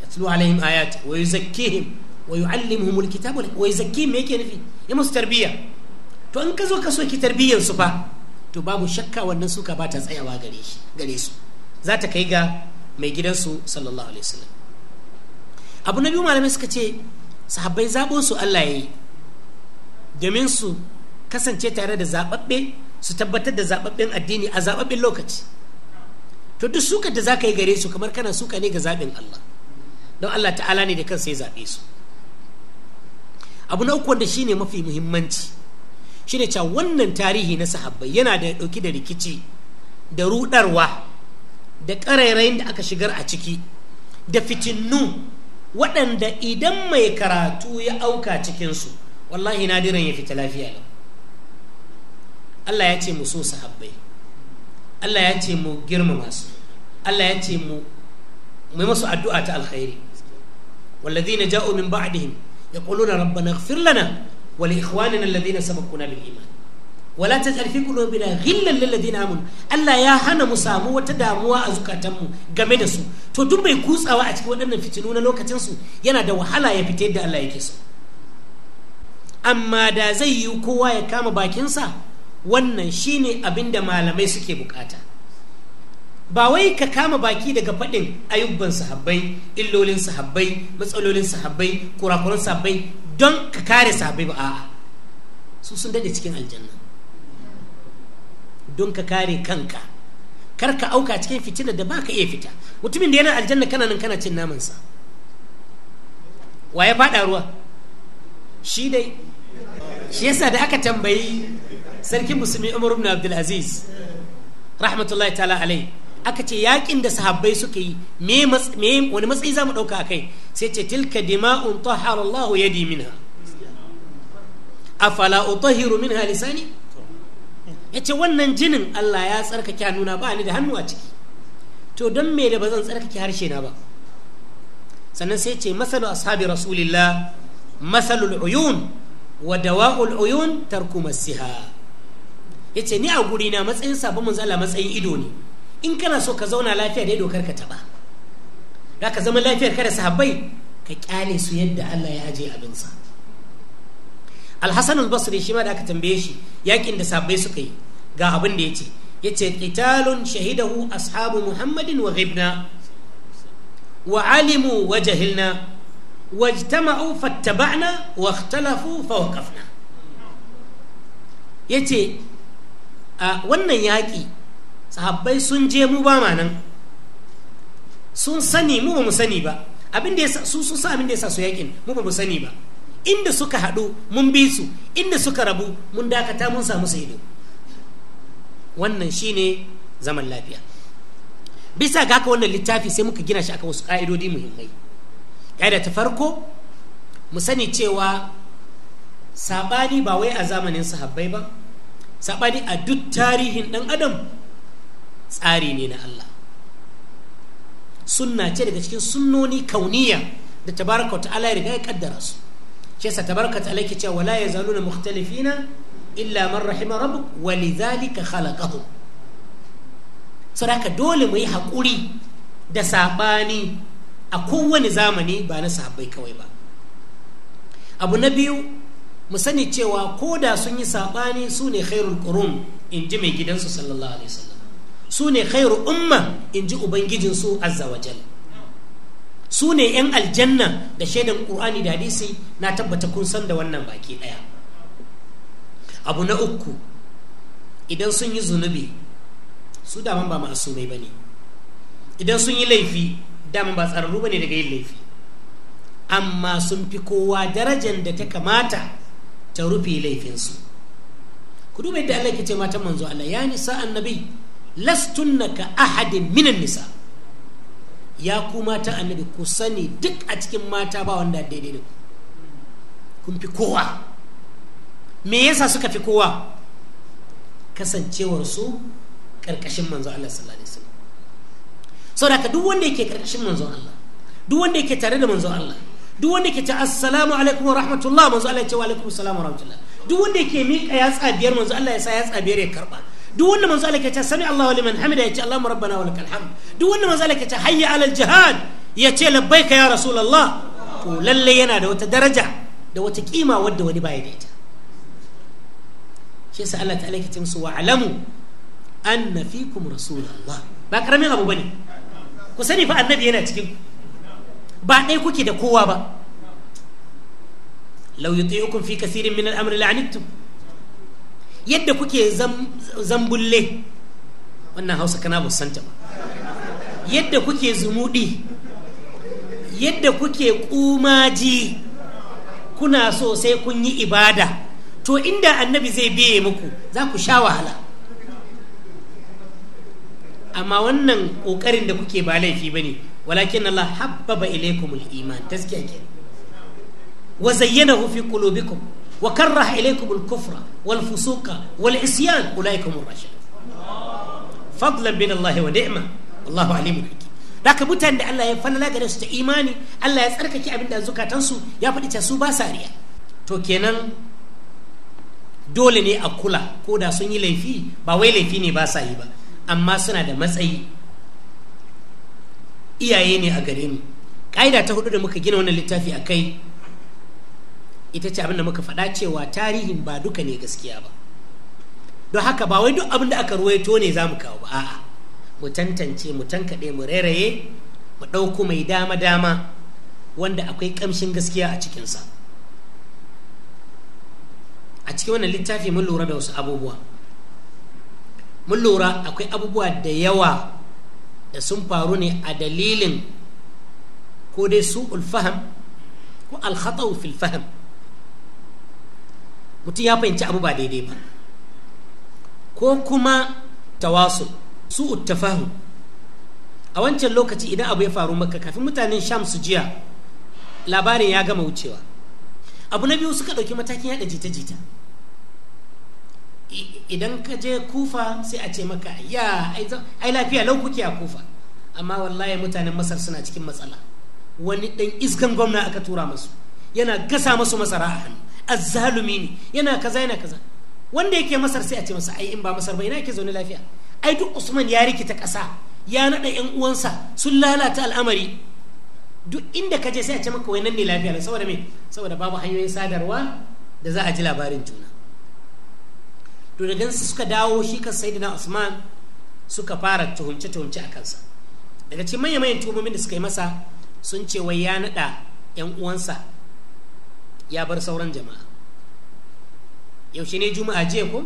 يتلو عليهم آياته ويزكيهم ويعلمهم الكتاب ويزكيهم ميك يعني في يمس تربية to an ka zo ka soki tarbiyyarsu fa to babu shakka wannan suka ba ta tsayawa gare su za kai ga mai gidansu sallallahu alaihi wasallam abu na biyu malamai suka ce sahabai zaɓo su Allah ya yi domin su kasance tare da zaɓaɓɓe su tabbatar da zaɓaɓɓen addini a zaɓaɓɓen lokaci to duk sukar da za ka yi gare su kamar kana suka ne ga zaɓin Allah don Allah ta'ala ne da kansa ya zaɓe su abu na uku wanda shine mafi muhimmanci shine cewa wannan tarihi na sahabbai yana da ɗauki da rikici da rudarwa da ƙarairayin da aka shigar a ciki da fitinnu waɗanda idan mai karatu ya auka cikinsu wallahi nadiran ya fita lafiya lau Allah ya ce mu so sahabbai Allah ya ce mu girmama su Allah ya ce mu mu masu addu'a ta alkhairi walladhina ja'u min ba'dihim yaquluna rabbana ighfir lana wa li ikhwanina alladhina sabaquna bil iman wala taj'al fi qulubina ghillan lil ladina amanu Allah ya hana mu samu wata damuwa a mu game da su to duk bai kutsawa a cikin waɗannan fitinu na lokacin su yana da wahala ya fita yadda Allah yake so amma da zai yi kowa ya kama bakinsa wannan shine abinda malamai suke bukata ba wai ka kama baki daga faɗin ayyuban sahabbai illolin sahabbai matsalolin sahabbai kurakuran sahabbai don ka kare sahabbai ba a'a su sun daɗe cikin aljanna don ka kare kanka kar ka auka cikin fitina da ka iya fita mutumin da yana aljanna kana nan kana cin namansa wa ya faɗa ruwa shi dai shi yasa da aka tambayi sarkin musulmi umar ibn abdul aziz rahmatullahi ta'ala alai aka ce yakin da sahabbai suka yi me wani matsayi za mu ɗauka a kai sai ce tilka dima'un tahara Allahu yadi minha afala utahiru minha lisani yace wannan jinin Allah ya tsarkake hannuna ba ni da hannu a ciki to don me da bazan zan tsarkake harshe na ba sannan sai ce masalu ashabi rasulillah masalul uyun wa dawa'ul uyun tarku masiha yace ni a guri na matsayin sabon manzo Allah matsayin ido ne in kana so ka zauna lafiya dai dokar ka taɓa za ka zama lafiyar kada sahabbai ka kyale su yadda Allah ya ajiye abinsa alhassan basri shi ma da aka tambaye shi yakin da sahabbai suka yi ga abin da ya ce ya ce qitalun shahidahu ashabu muhammadin wa ghibna wa alimu wa jahilna wajtama'u fattaba'na wa ikhtalafu fa waqafna yace wannan yaƙi. sahabbai sun je mu ba ma nan sun sani mu ba mu sani ba abin da su sun sa abin da yasa su yakin mu ba mu sani ba inda suka haɗu mun bi su inda suka rabu mun dakata mun samu su ido wannan shine zaman lafiya bisa ga haka wannan littafi sai muka gina shi akan wasu ƙa'idodi muhimmai ƙa'ida ta farko mu sani cewa saɓani ba wai a zamanin sahabbai ba saɓani a duk tarihin ɗan adam tsari ne na Allah sunna ce daga cikin sunnoni kauniya da tabaraka wa ta'ala ya riga ya kaddara su shi yasa tabaraka ta'ala yake cewa wala yazaluna mukhtalifina illa man rahima rabbuk wa lidhalika khalaqahum saboda dole mu yi haƙuri da saɓani a kowane zamani ba na sahabbai kawai ba abu na biyu mu sani cewa ko da sun yi saɓani su ne khairul qurun in ji mai gidansu sallallahu alaihi wasallam su ne khairu umma in ji ubangijinsu azza wa su ne 'yan aljanna da shaidan ƙur'ani da hadisi na tabbata kun san da wannan baki ɗaya abu na uku idan sun yi zunubi su daman ba ma'asumai ba ne idan sun yi laifi daman ba tsararru ba ne daga yin laifi amma sun fi kowa darajar da ta kamata ta rufe laifinsu ku duba yadda Allah ke ce matan manzo Allah ya nisa annabi lastunna ka ahadin minan nisa ya ku mata annabi ku sani duk a cikin mata ba wanda daidai da ku kun fi kowa me yasa suka fi kowa kasancewar su karkashin manzo Allah sallallahu alaihi wasallam saboda ka duk wanda yake karkashin manzo Allah duk wanda yake tare da manzo Allah duk wanda yake ta assalamu alaikum wa rahmatullah manzo Allah ya ce wa alaikum assalam wa rahmatullah duk wanda yake miƙa yatsa biyar manzo Allah ya sa ya biyar ya karba duk wanda manzo Allah ke sami Allahu liman hamida yace Allahumma rabbana wa lakal hamd duk wanda manzo Allah ce hayya alal jihad yace labbaika ya rasulullah to lalle yana da wata daraja da wata kima wadda wani baya da ita shi yasa Allah ta'ala ke musu wa alamu anna fikum rasulullah ba karamin abu bane ku sani fa annabi yana cikin ba ɗaya kuke da kowa ba law yuti'ukum fi kaseerin min al-amri la'anittum yadda kuke zambulle wannan hausa kana ba santa ba yadda kuke zumudi yadda kuke kumaji kuna so sai kun yi ibada to inda annabi zai biye muku za ku sha wahala amma wannan ƙoƙarin da kuke ba laifi ba ne walakin Allah habbaba ilaikumul iman taskiya ke wa zayyana fi kulubikum وكره إليكم الكفر والفسوق والعصيان أولئك هم الراشدون فضلا من الله ونعمة والله عليم حكيم daka mutanen da Allah ya falala gare su ta imani Allah ya tsarkake abin da zukatansu ya faɗi ta su ba sa to kenan dole ne a kula ko da sun yi laifi ba wai laifi ne ba sa yi ba amma suna da matsayi iyaye ne a gare mu ƙa'ida ta hudu da muka gina wannan littafi a kai ita ce abin da muka faɗa cewa tarihin ba duka ne gaskiya ba don haka ba wai duk abin da aka ruwaito ne za mu kawo ba a'a mu tantance mu tankaɗe mu rairaye mu ɗauko mai dama dama wanda akwai ƙamshin gaskiya a cikinsa a cikin wannan littafi mun lura da wasu abubuwa mun lura akwai abubuwa da yawa da sun faru ne a dalilin ko dai su ulfaham ko alkhatau fil faham mutum ya fahimci abu ba daidai ba ko kuma tawasu su uttafahu a wancan lokaci idan abu ya faru maka kafin mutanen sham su jiya labarin ya gama wucewa abu na biyu suka ɗauki matakin yaɗa jita-jita idan ka je kufa sai a ce maka ya ai lafiya lau kuke a kufa amma wallahi mutanen masar suna cikin matsala wani ɗan iskan gwamna aka tura masu yana gasa masu masara a hannu azzalumi ne yana kaza yana kaza wanda yake masar sai a ce masa ai in ba masar ba ina yake zaune lafiya ai duk usman ya rikita kasa ya naɗa yan uwansa sun lalata al'amari duk inda ka je sai a ce maka wai nan ne lafiya saboda me saboda babu hanyoyin sadarwa da za a ji labarin juna to da gansu suka dawo shi kan sayyidina usman suka fara tuhumce tuhumce a kansa daga cikin manya manyan tuhumomin da suka yi masa sun ce wai ya naɗa yan uwansa ya bar sauran jama'a yaushe ne juma'a jiya ko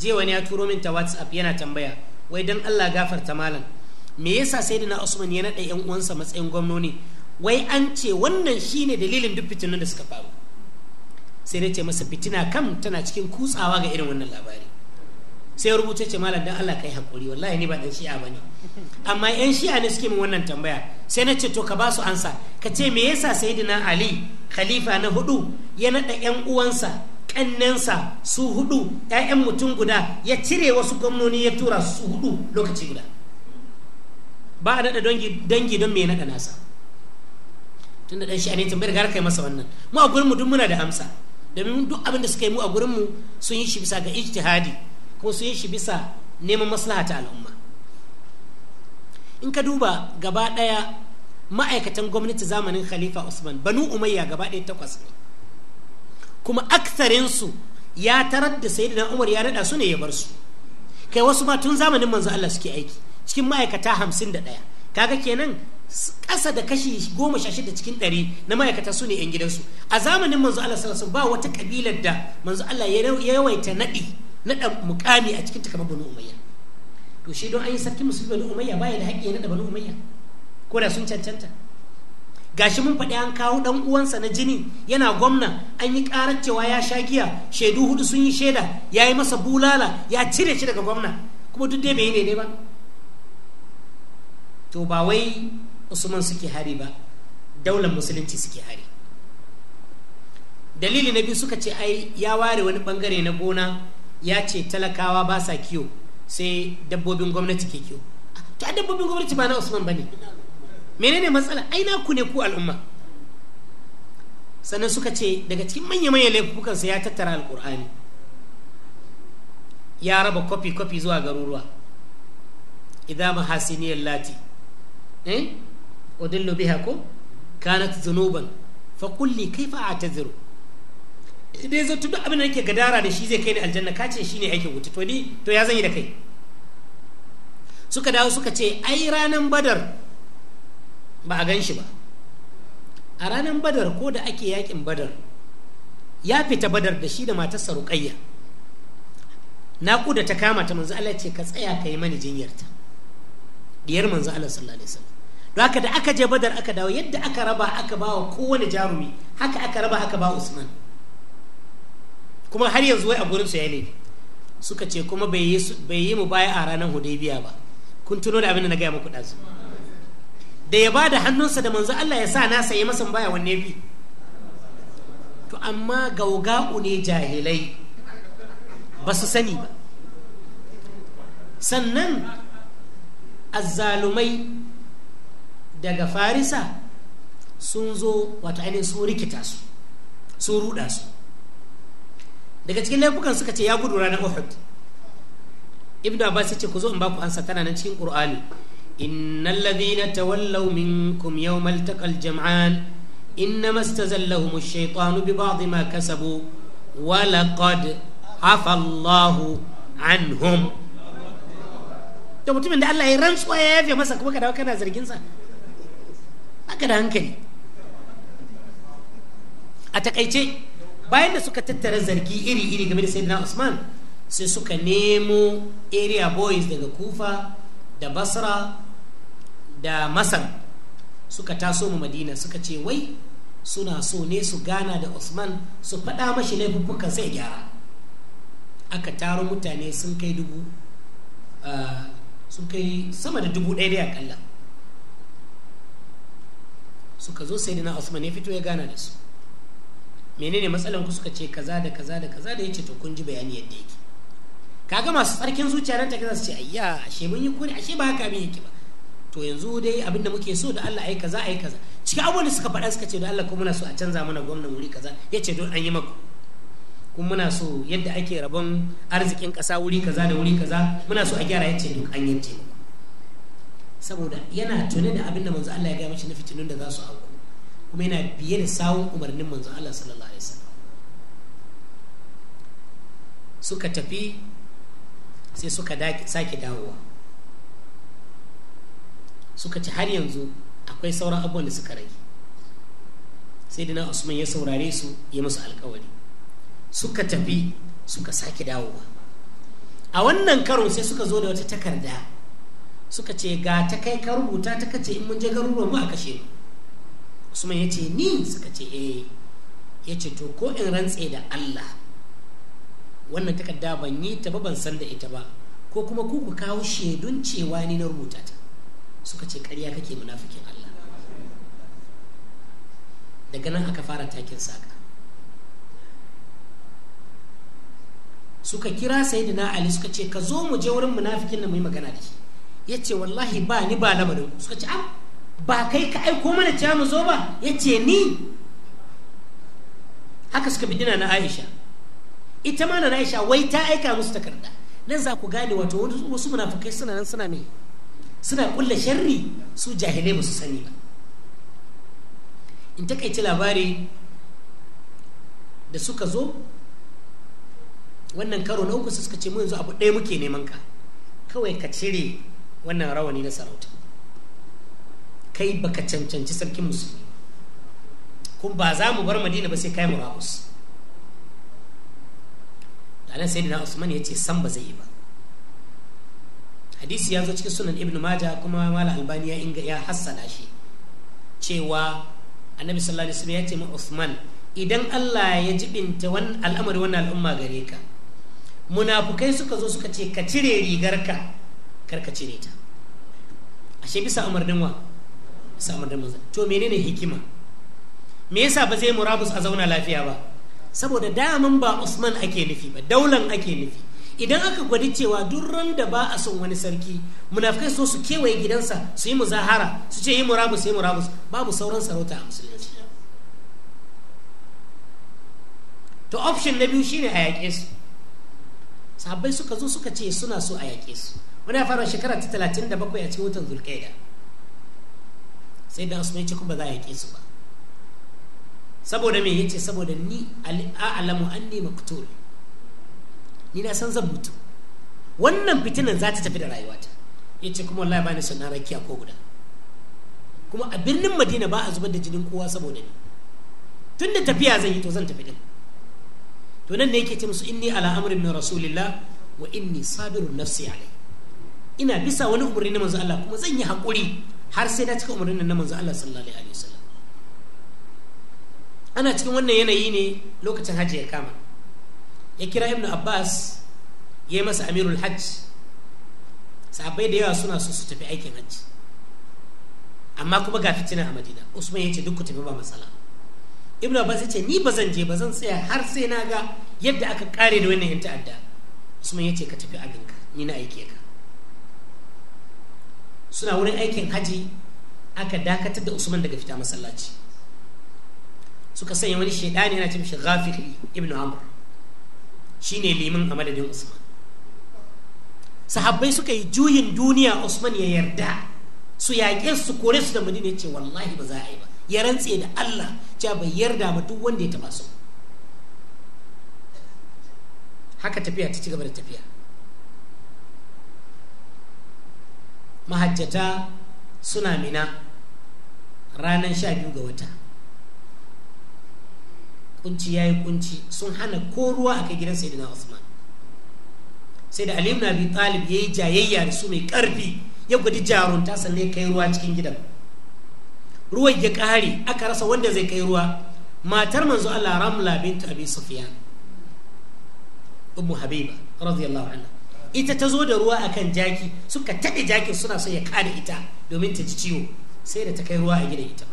jiya wani ya turo min ta whatsapp yana tambaya wai dan allah gafarta malam me yasa sai usman ya naɗa yan uwansa matsayin gwamnoni wai an ce wannan shine dalilin duk fitinan da suka faru sai na ce masa fitina kam tana cikin kutsawa ga irin wannan labari sai ya rubuta ce malam dan Allah kai hakuri wallahi ni ba dan shi'a bane amma yan shi'a ne suke min wannan tambaya sai na ce to ka ba su ansa ka ce me yasa sayyidina ali khalifa na hudu ya naɗa 'yan uwansa ƙannensa su hudu 'ya'yan mutum guda ya cire wasu gwamnoni ya tura su hudu lokaci guda ba a naɗa dangi don me naɗa nasa tun da ɗan shi a ne tambayar gara kai masa wannan mu a gurinmu duk muna da amsa domin duk abin da suka yi mu a gurinmu sun yi shi bisa ga ijtihadi kuma sun yi shi bisa neman maslaha ta al'umma in ka duba gaba ɗaya ma'aikatan gwamnati zamanin khalifa usman banu umayya gaba ɗaya takwas ne kuma aksarinsu ya tarar da sayyidina umar ya naɗa su ne ya bar su kai wasu ma tun zamanin manzo Allah suke aiki cikin ma'aikata hamsin da ɗaya kaga kenan ƙasa da kashi goma sha shida cikin ɗari na ma'aikata su ne 'yan gidansu a zamanin manzo Allah sallallahu ba wata kabilar da manzo Allah ya yawaita naɗi naɗa mukami a cikin ta kamar banu umayya to shi don an yi sarki musulmi banu umayya ya da haƙƙi ya naɗa banu umayya ko da sun cancanta gashi mun faɗi an kawo ɗan uwansa na jini yana gwamna an yi ƙarar cewa ya sha giya shaidu hudu sun yi shaida ya yi masa bulala ya cire shi daga gwamna kuma duk dai bai yi daidai ba to ba wai usman suke hari ba daular musulunci suke hari dalili na biyu suka ce ai ya ware wani bangare na gona ya ce talakawa ba sa kiyo sai dabbobin gwamnati ke kiyo to dabbobin gwamnati ba na usman ba ne menene matsala ai ku ne ku al'umma sannan suka ce daga cikin manya-manyan laifukansa ya tattara alkur'ani ya raba kwafi-kwafi zuwa garuruwa idan mahasiniyar lati eh odillo biha ko kanat zunuban fa kulli kaifa a'tazuru Idan zo duk abin da nake gadara da shi zai kai ni aljanna ka ce shine aikin wuta to ni to ya zan yi da kai suka dawo suka ce ai ranan badar ba a gan shi ba a ranar badar ko da ake yakin badar ya fita badar da shi da matarsa ruƙayya naƙuda ta kama ta manzo Allah ce ka tsaya ka yi mani jinyarta diyar manzo Allah sallallahu alaihi wasallam don haka da aka je badar aka dawo yadda aka raba aka ba wa kowane jarumi haka aka raba aka ba usman kuma har yanzu wai a gurin su ya ne suka ce kuma bai yi mu baya a ranar hudaybiya ba kun tuno da abin da na gaya muku ɗazu da ya ba da hannunsa da manzo Allah ya sa na ya masa baya wanne bi to amma gauga'u ne jahilai ba su sani ba sannan azzalumai daga farisa sun zo wata ainihin sun rikita su sun ruda su daga cikin laifukan suka ce ya gudu ranar uhud ibn abbas ya ce ku zo in ba ku ansa tana nan cikin qur'ani إن الذين تولوا منكم يوم التقى الجمعان إنما استزلهم الشيطان ببعض ما كسبوا ولقد عفى الله عنهم da mutumin da Allah ya rantsuwa ya yafe masa kuma ka dawo zargin sa haka da hankali a takaice bayan da suka tattara zargi iri-iri game da sayyidina Usman sai suka nemo area boys daga Kufa da Basra da masan suka taso mu madina suka ce wai suna so ne su gana da usman su faɗa mashi laifuffukan sai gyara aka taro mutane sun kai dubu sun kai sama da dubu ɗaya da akalla suka zo sai dina usman ya fito ya gana da su menene matsalan ku suka ce kaza da kaza da kaza da yace to kun ji bayani yadda yake kaga masu tsarkin zuciya nan ta kaza su ce ayya ashe mun yi kuri ashe ba haka mun yake ba to yanzu dai abin da muke so da Allah ai kaza ai kaza cikin abubuwan da suka faɗa suka ce da Allah ko muna so a canza mana gwamnan wuri kaza ya ce don an yi maku kuma muna so yadda ake rabon arzikin ƙasa wuri kaza da wuri kaza muna so a gyara ya ce duk an yance saboda yana tuni da abin da manzo Allah ya gaya mashi na fitinun da za su auku kuma yana biye da sawun umarnin manzo Allah sallallahu alaihi wasallam suka tafi sai suka sake dawowa suka ci har yanzu akwai sauran abubuwan da suka rage sai da na usman ya saurare su ya musu alkawari suka tafi suka sake dawowa a wannan karon sai suka zo da wata takarda suka ce ga ta kai ka rubuta ta kace in mun je garuruwan mu a kashe mu usman ya ce ni suka ce eh ya ce to ko in rantse da allah wannan takarda ban yi ta ba ban san da ita ba ko kuma ku ku kawo shaidun cewa ni na rubuta ta suka ce ƙarya kake munafikin Allah daga nan aka fara takin saka suka kira sayyidina ali suka ce ka zo mu je wurin munafikin nan mu yi magana da shi yace wallahi ba ni ba lamarin suka ce ah ba kai ka aiko mana cewa mu zo ba yace ni haka suka bidina na aisha ita ma na aisha wai ta aika musu takarda nan za ku gane wato wasu munafikai suna nan suna mai suna kulla sharri su jahilai ba sani ba in takaice labari da suka zo wannan karo na uku suka ce mu yanzu abu ɗaya muke neman ka kawai ka cire wannan rawani na sarauta kai baka cancanci sarkin musulmi kun ba za mu bar madina ba sai kai murabus da nan sai na usman ya ce san ba zai yi ba hadisi ya zo cikin sunan ibnu maja kuma mala albani ya inga ya hassana shi cewa annabi sallallahu alaihi wasallam ya ce ma usman idan Allah ya jibinta al'amari wannan al'umma gare ka munafukai suka zo suka ce ka cire rigarka kar ka cire ta ashe bisa umarnin wa bisa umarnin manzo to menene hikima me yasa ba zai murabus a zauna lafiya ba saboda daman ba Usman ake nufi ba daulan ake nufi idan aka gwadi cewa duk ran da ba a son wani sarki munafikai so su kewaye gidansa su yi muzahara su ce yi murabus yi murabus babu sauran sarauta a musulunci to option na biyu shine a yaƙe su sabai suka zo suka ce suna so a yaƙe su wani fara shekara ta talatin da bakwai a cikin watan zulkaida sai da usman ba za a yaƙe su ba saboda me yace saboda ni a'lamu anni maktul ni na san zan mutu wannan fitinan za ta tafi da rayuwata ya ce kuma wallahi bani son na rakiya ko guda kuma a birnin madina ba a zubar da jinin kowa saboda ni tun da tafiya zan yi to zan tafi din to nan ne yake ce musu inni ala amrin min rasulillah wa inni sabirun nafsi alai ina bisa wani umarni na manzo Allah kuma zan yi hakuri har sai na cika umarnin na manzo Allah sallallahu alaihi wasallam ana cikin wannan yanayi ne lokacin hajji ya kama ya kira ibnu abbas ya yi masa amirul hajj sahabbai da yawa suna so su tafi aikin hajji amma kuma ga fitina a madina usman ya ce duk ku tafi ba matsala ibnu abbas ya ce ni ba zan je ba zan tsaya har sai na ga yadda aka kare da wannan yan ta'adda usman ya ce ka tafi abinka ni na aike ka suna wurin aikin hajji aka dakatar da usman daga fita masallaci suka sanya wani shaidani yana ce mishi Ibn ibnu amr shine liman a madadin usman sahabbai suka yi juyin duniya usman ya yarda su yaƙe su kore su da madina ce wallahi ba za a yi ba ya rantse da allah cewa bai yarda ba duk wanda ya taba su haka tafiya ta ci gaba da tafiya mahajjata suna mina ranar sha biyu ga wata kunci ya yi kunci sun hana ko ruwa a kai gidan sayyidina usman sai da ali ibn abi talib ya jayayya da su mai karfi ya gudu jarunta sannan ya kai ruwa cikin gidan ruwan ya kare aka rasa wanda zai kai ruwa matar manzo Allah Ramla bint Abi Sufyan Ummu Habiba radiyallahu anha ita ta zo da ruwa akan jaki suka taɗe jakin suna so ya kare ita domin ta ji ciwo sai da ta kai ruwa a gidan ita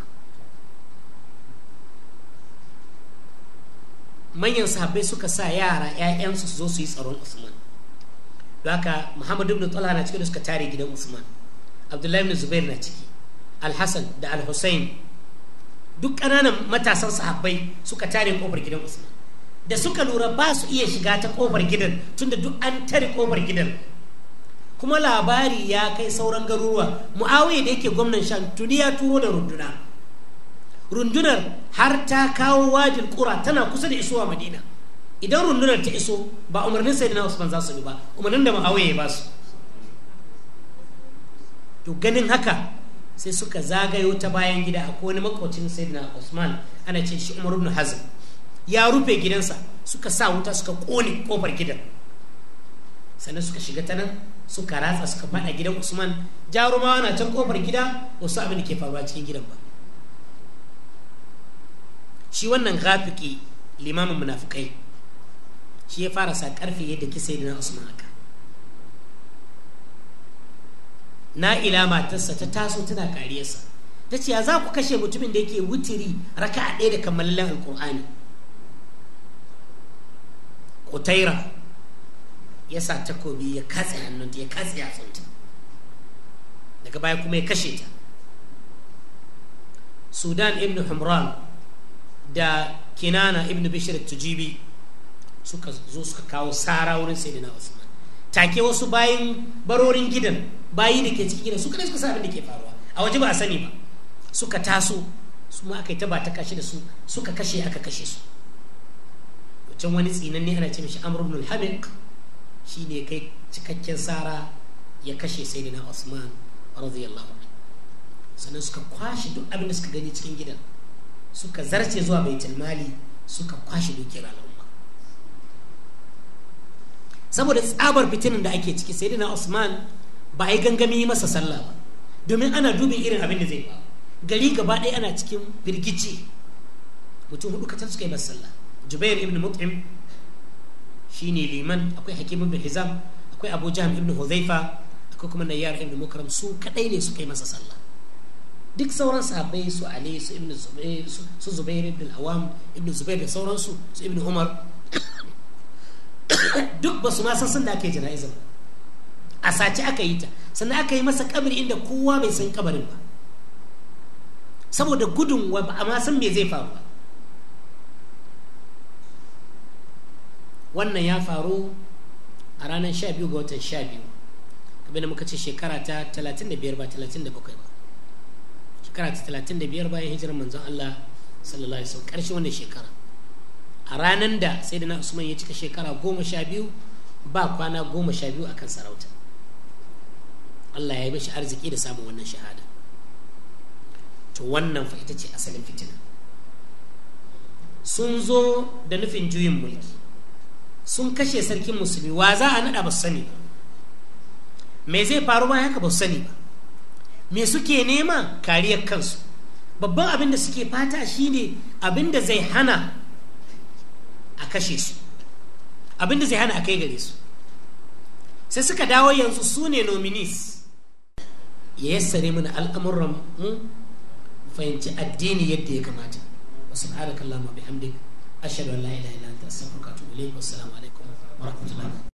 manyan sahabbai suka sa yara 'ya'yansu su zo su yi tsaron usman haka muhammad ibn talha na ciki da suka tare gidan usman abdullahi ibn zubair na ciki alhassan da alhussein duk ƙananan matasan sahabbai suka tare ƙofar gidan usman da suka lura ba su iya shiga ta ƙofar gidan tunda duk an tare kofar gidan kuma labari ya kai sauran garuruwa Mu'awai da yake gwamnan shan tuni ya turo da runduna rundunar har ta kawo wajin kura tana kusa da isowa madina idan rundunar ta iso ba umarnin sai na usman za su yi ba umarnin da ma'awaye ya ba su to ganin haka sai suka zagayo ta bayan gida a wani makwacin sayyidina usman ana ce shi umar ibn hazm ya rufe gidansa suka sa wuta suka kone kofar gidan sannan suka shiga ta nan suka ratsa suka faɗa gidan usman jarumawa na can kofar gida wasu abin da ke faruwa cikin gidan ba shi wannan gafiki limamin munafukai shi ya fara sa karfe yadda kisa na usman haka na ila matarsa ta taso tana kariyarsa ta ce za ku kashe mutumin da yake wutiri raka a ɗaya da kammalin alkur'ani kutaira ya sa takobi ya katse hannunta ya katse tsunta daga baya kuma ya kashe ta sudan ibn humran da kinana ibn bishir tujibi suka zo suka kawo sara wurin sayyidina usman take wasu bayin barorin gidan bayi da ke cikin gidan suka ne suka sa abin da ke faruwa a waje ba a sani ba suka taso su ma aka yi taba ta kashe da su suka kashe aka kashe su can wani tsinanne ana ce mishi amr ibn al-habiq shine kai cikakken sara ya kashe sayyidina usman radiyallahu anhu sannan suka kwashe duk abin da suka gani cikin gidan suka zarce zuwa baitul mali suka kwashe dukiyar al'umma saboda tsabar fitinin da ake ciki sai dina usman ba a yi gangami masa sallah ba domin ana dubin irin abin da zai ba gari gaba ɗaya ana cikin birgici mutum hudu kacan suka yi masa sallah jubair ibn mut'im shine liman akwai hakim ibn hizam akwai abu jahm ibn huzaifa akwai kuma nayyar ibn mukram su kadai ne suka yi masa sallah duk sauran sahabbai su ali su ibn su zubair ibn awam ibn zubair da sauransu su ibn umar duk ba su ma san sun da aka yi jana'iza ba a sace aka yi ta sannan aka yi masa kabari inda kowa bai san kabarin ba saboda gudun wa ba a ma san me zai faru ba wannan ya faru a ranar 12 ga watan 12 da muka ce shekara ta 35 ba 37 ba shekara ta talatin da biyar bayan hijirar manzon Allah sallallahu alaihi wasallam karshe wannan shekara a ranan da sai da na usman ya cika shekara goma sha biyu ba kwana goma sha biyu akan sarauta Allah ya yi mashi arziki da samun wannan shahada to wannan fa ita ce asalin fitina sun zo da nufin juyin mulki sun kashe sarkin musulmi wa za a naɗa ba sani ba me zai faru ma haka ba sani ba me suke nema kariyar kansu babban abin da suke fata shine abin da zai hana a kashe su abin da zai hana a kai gare su sai suka dawo yanzu su ne nominis ya yassare mana al'amuran mu fahimci addini yadda ya kamata wasu subhanakallahumma bihamdik ashhadu an la ilaha illa anta astaghfiruka wa atubu ilayk wassalamu alaikum wa rahmatullahi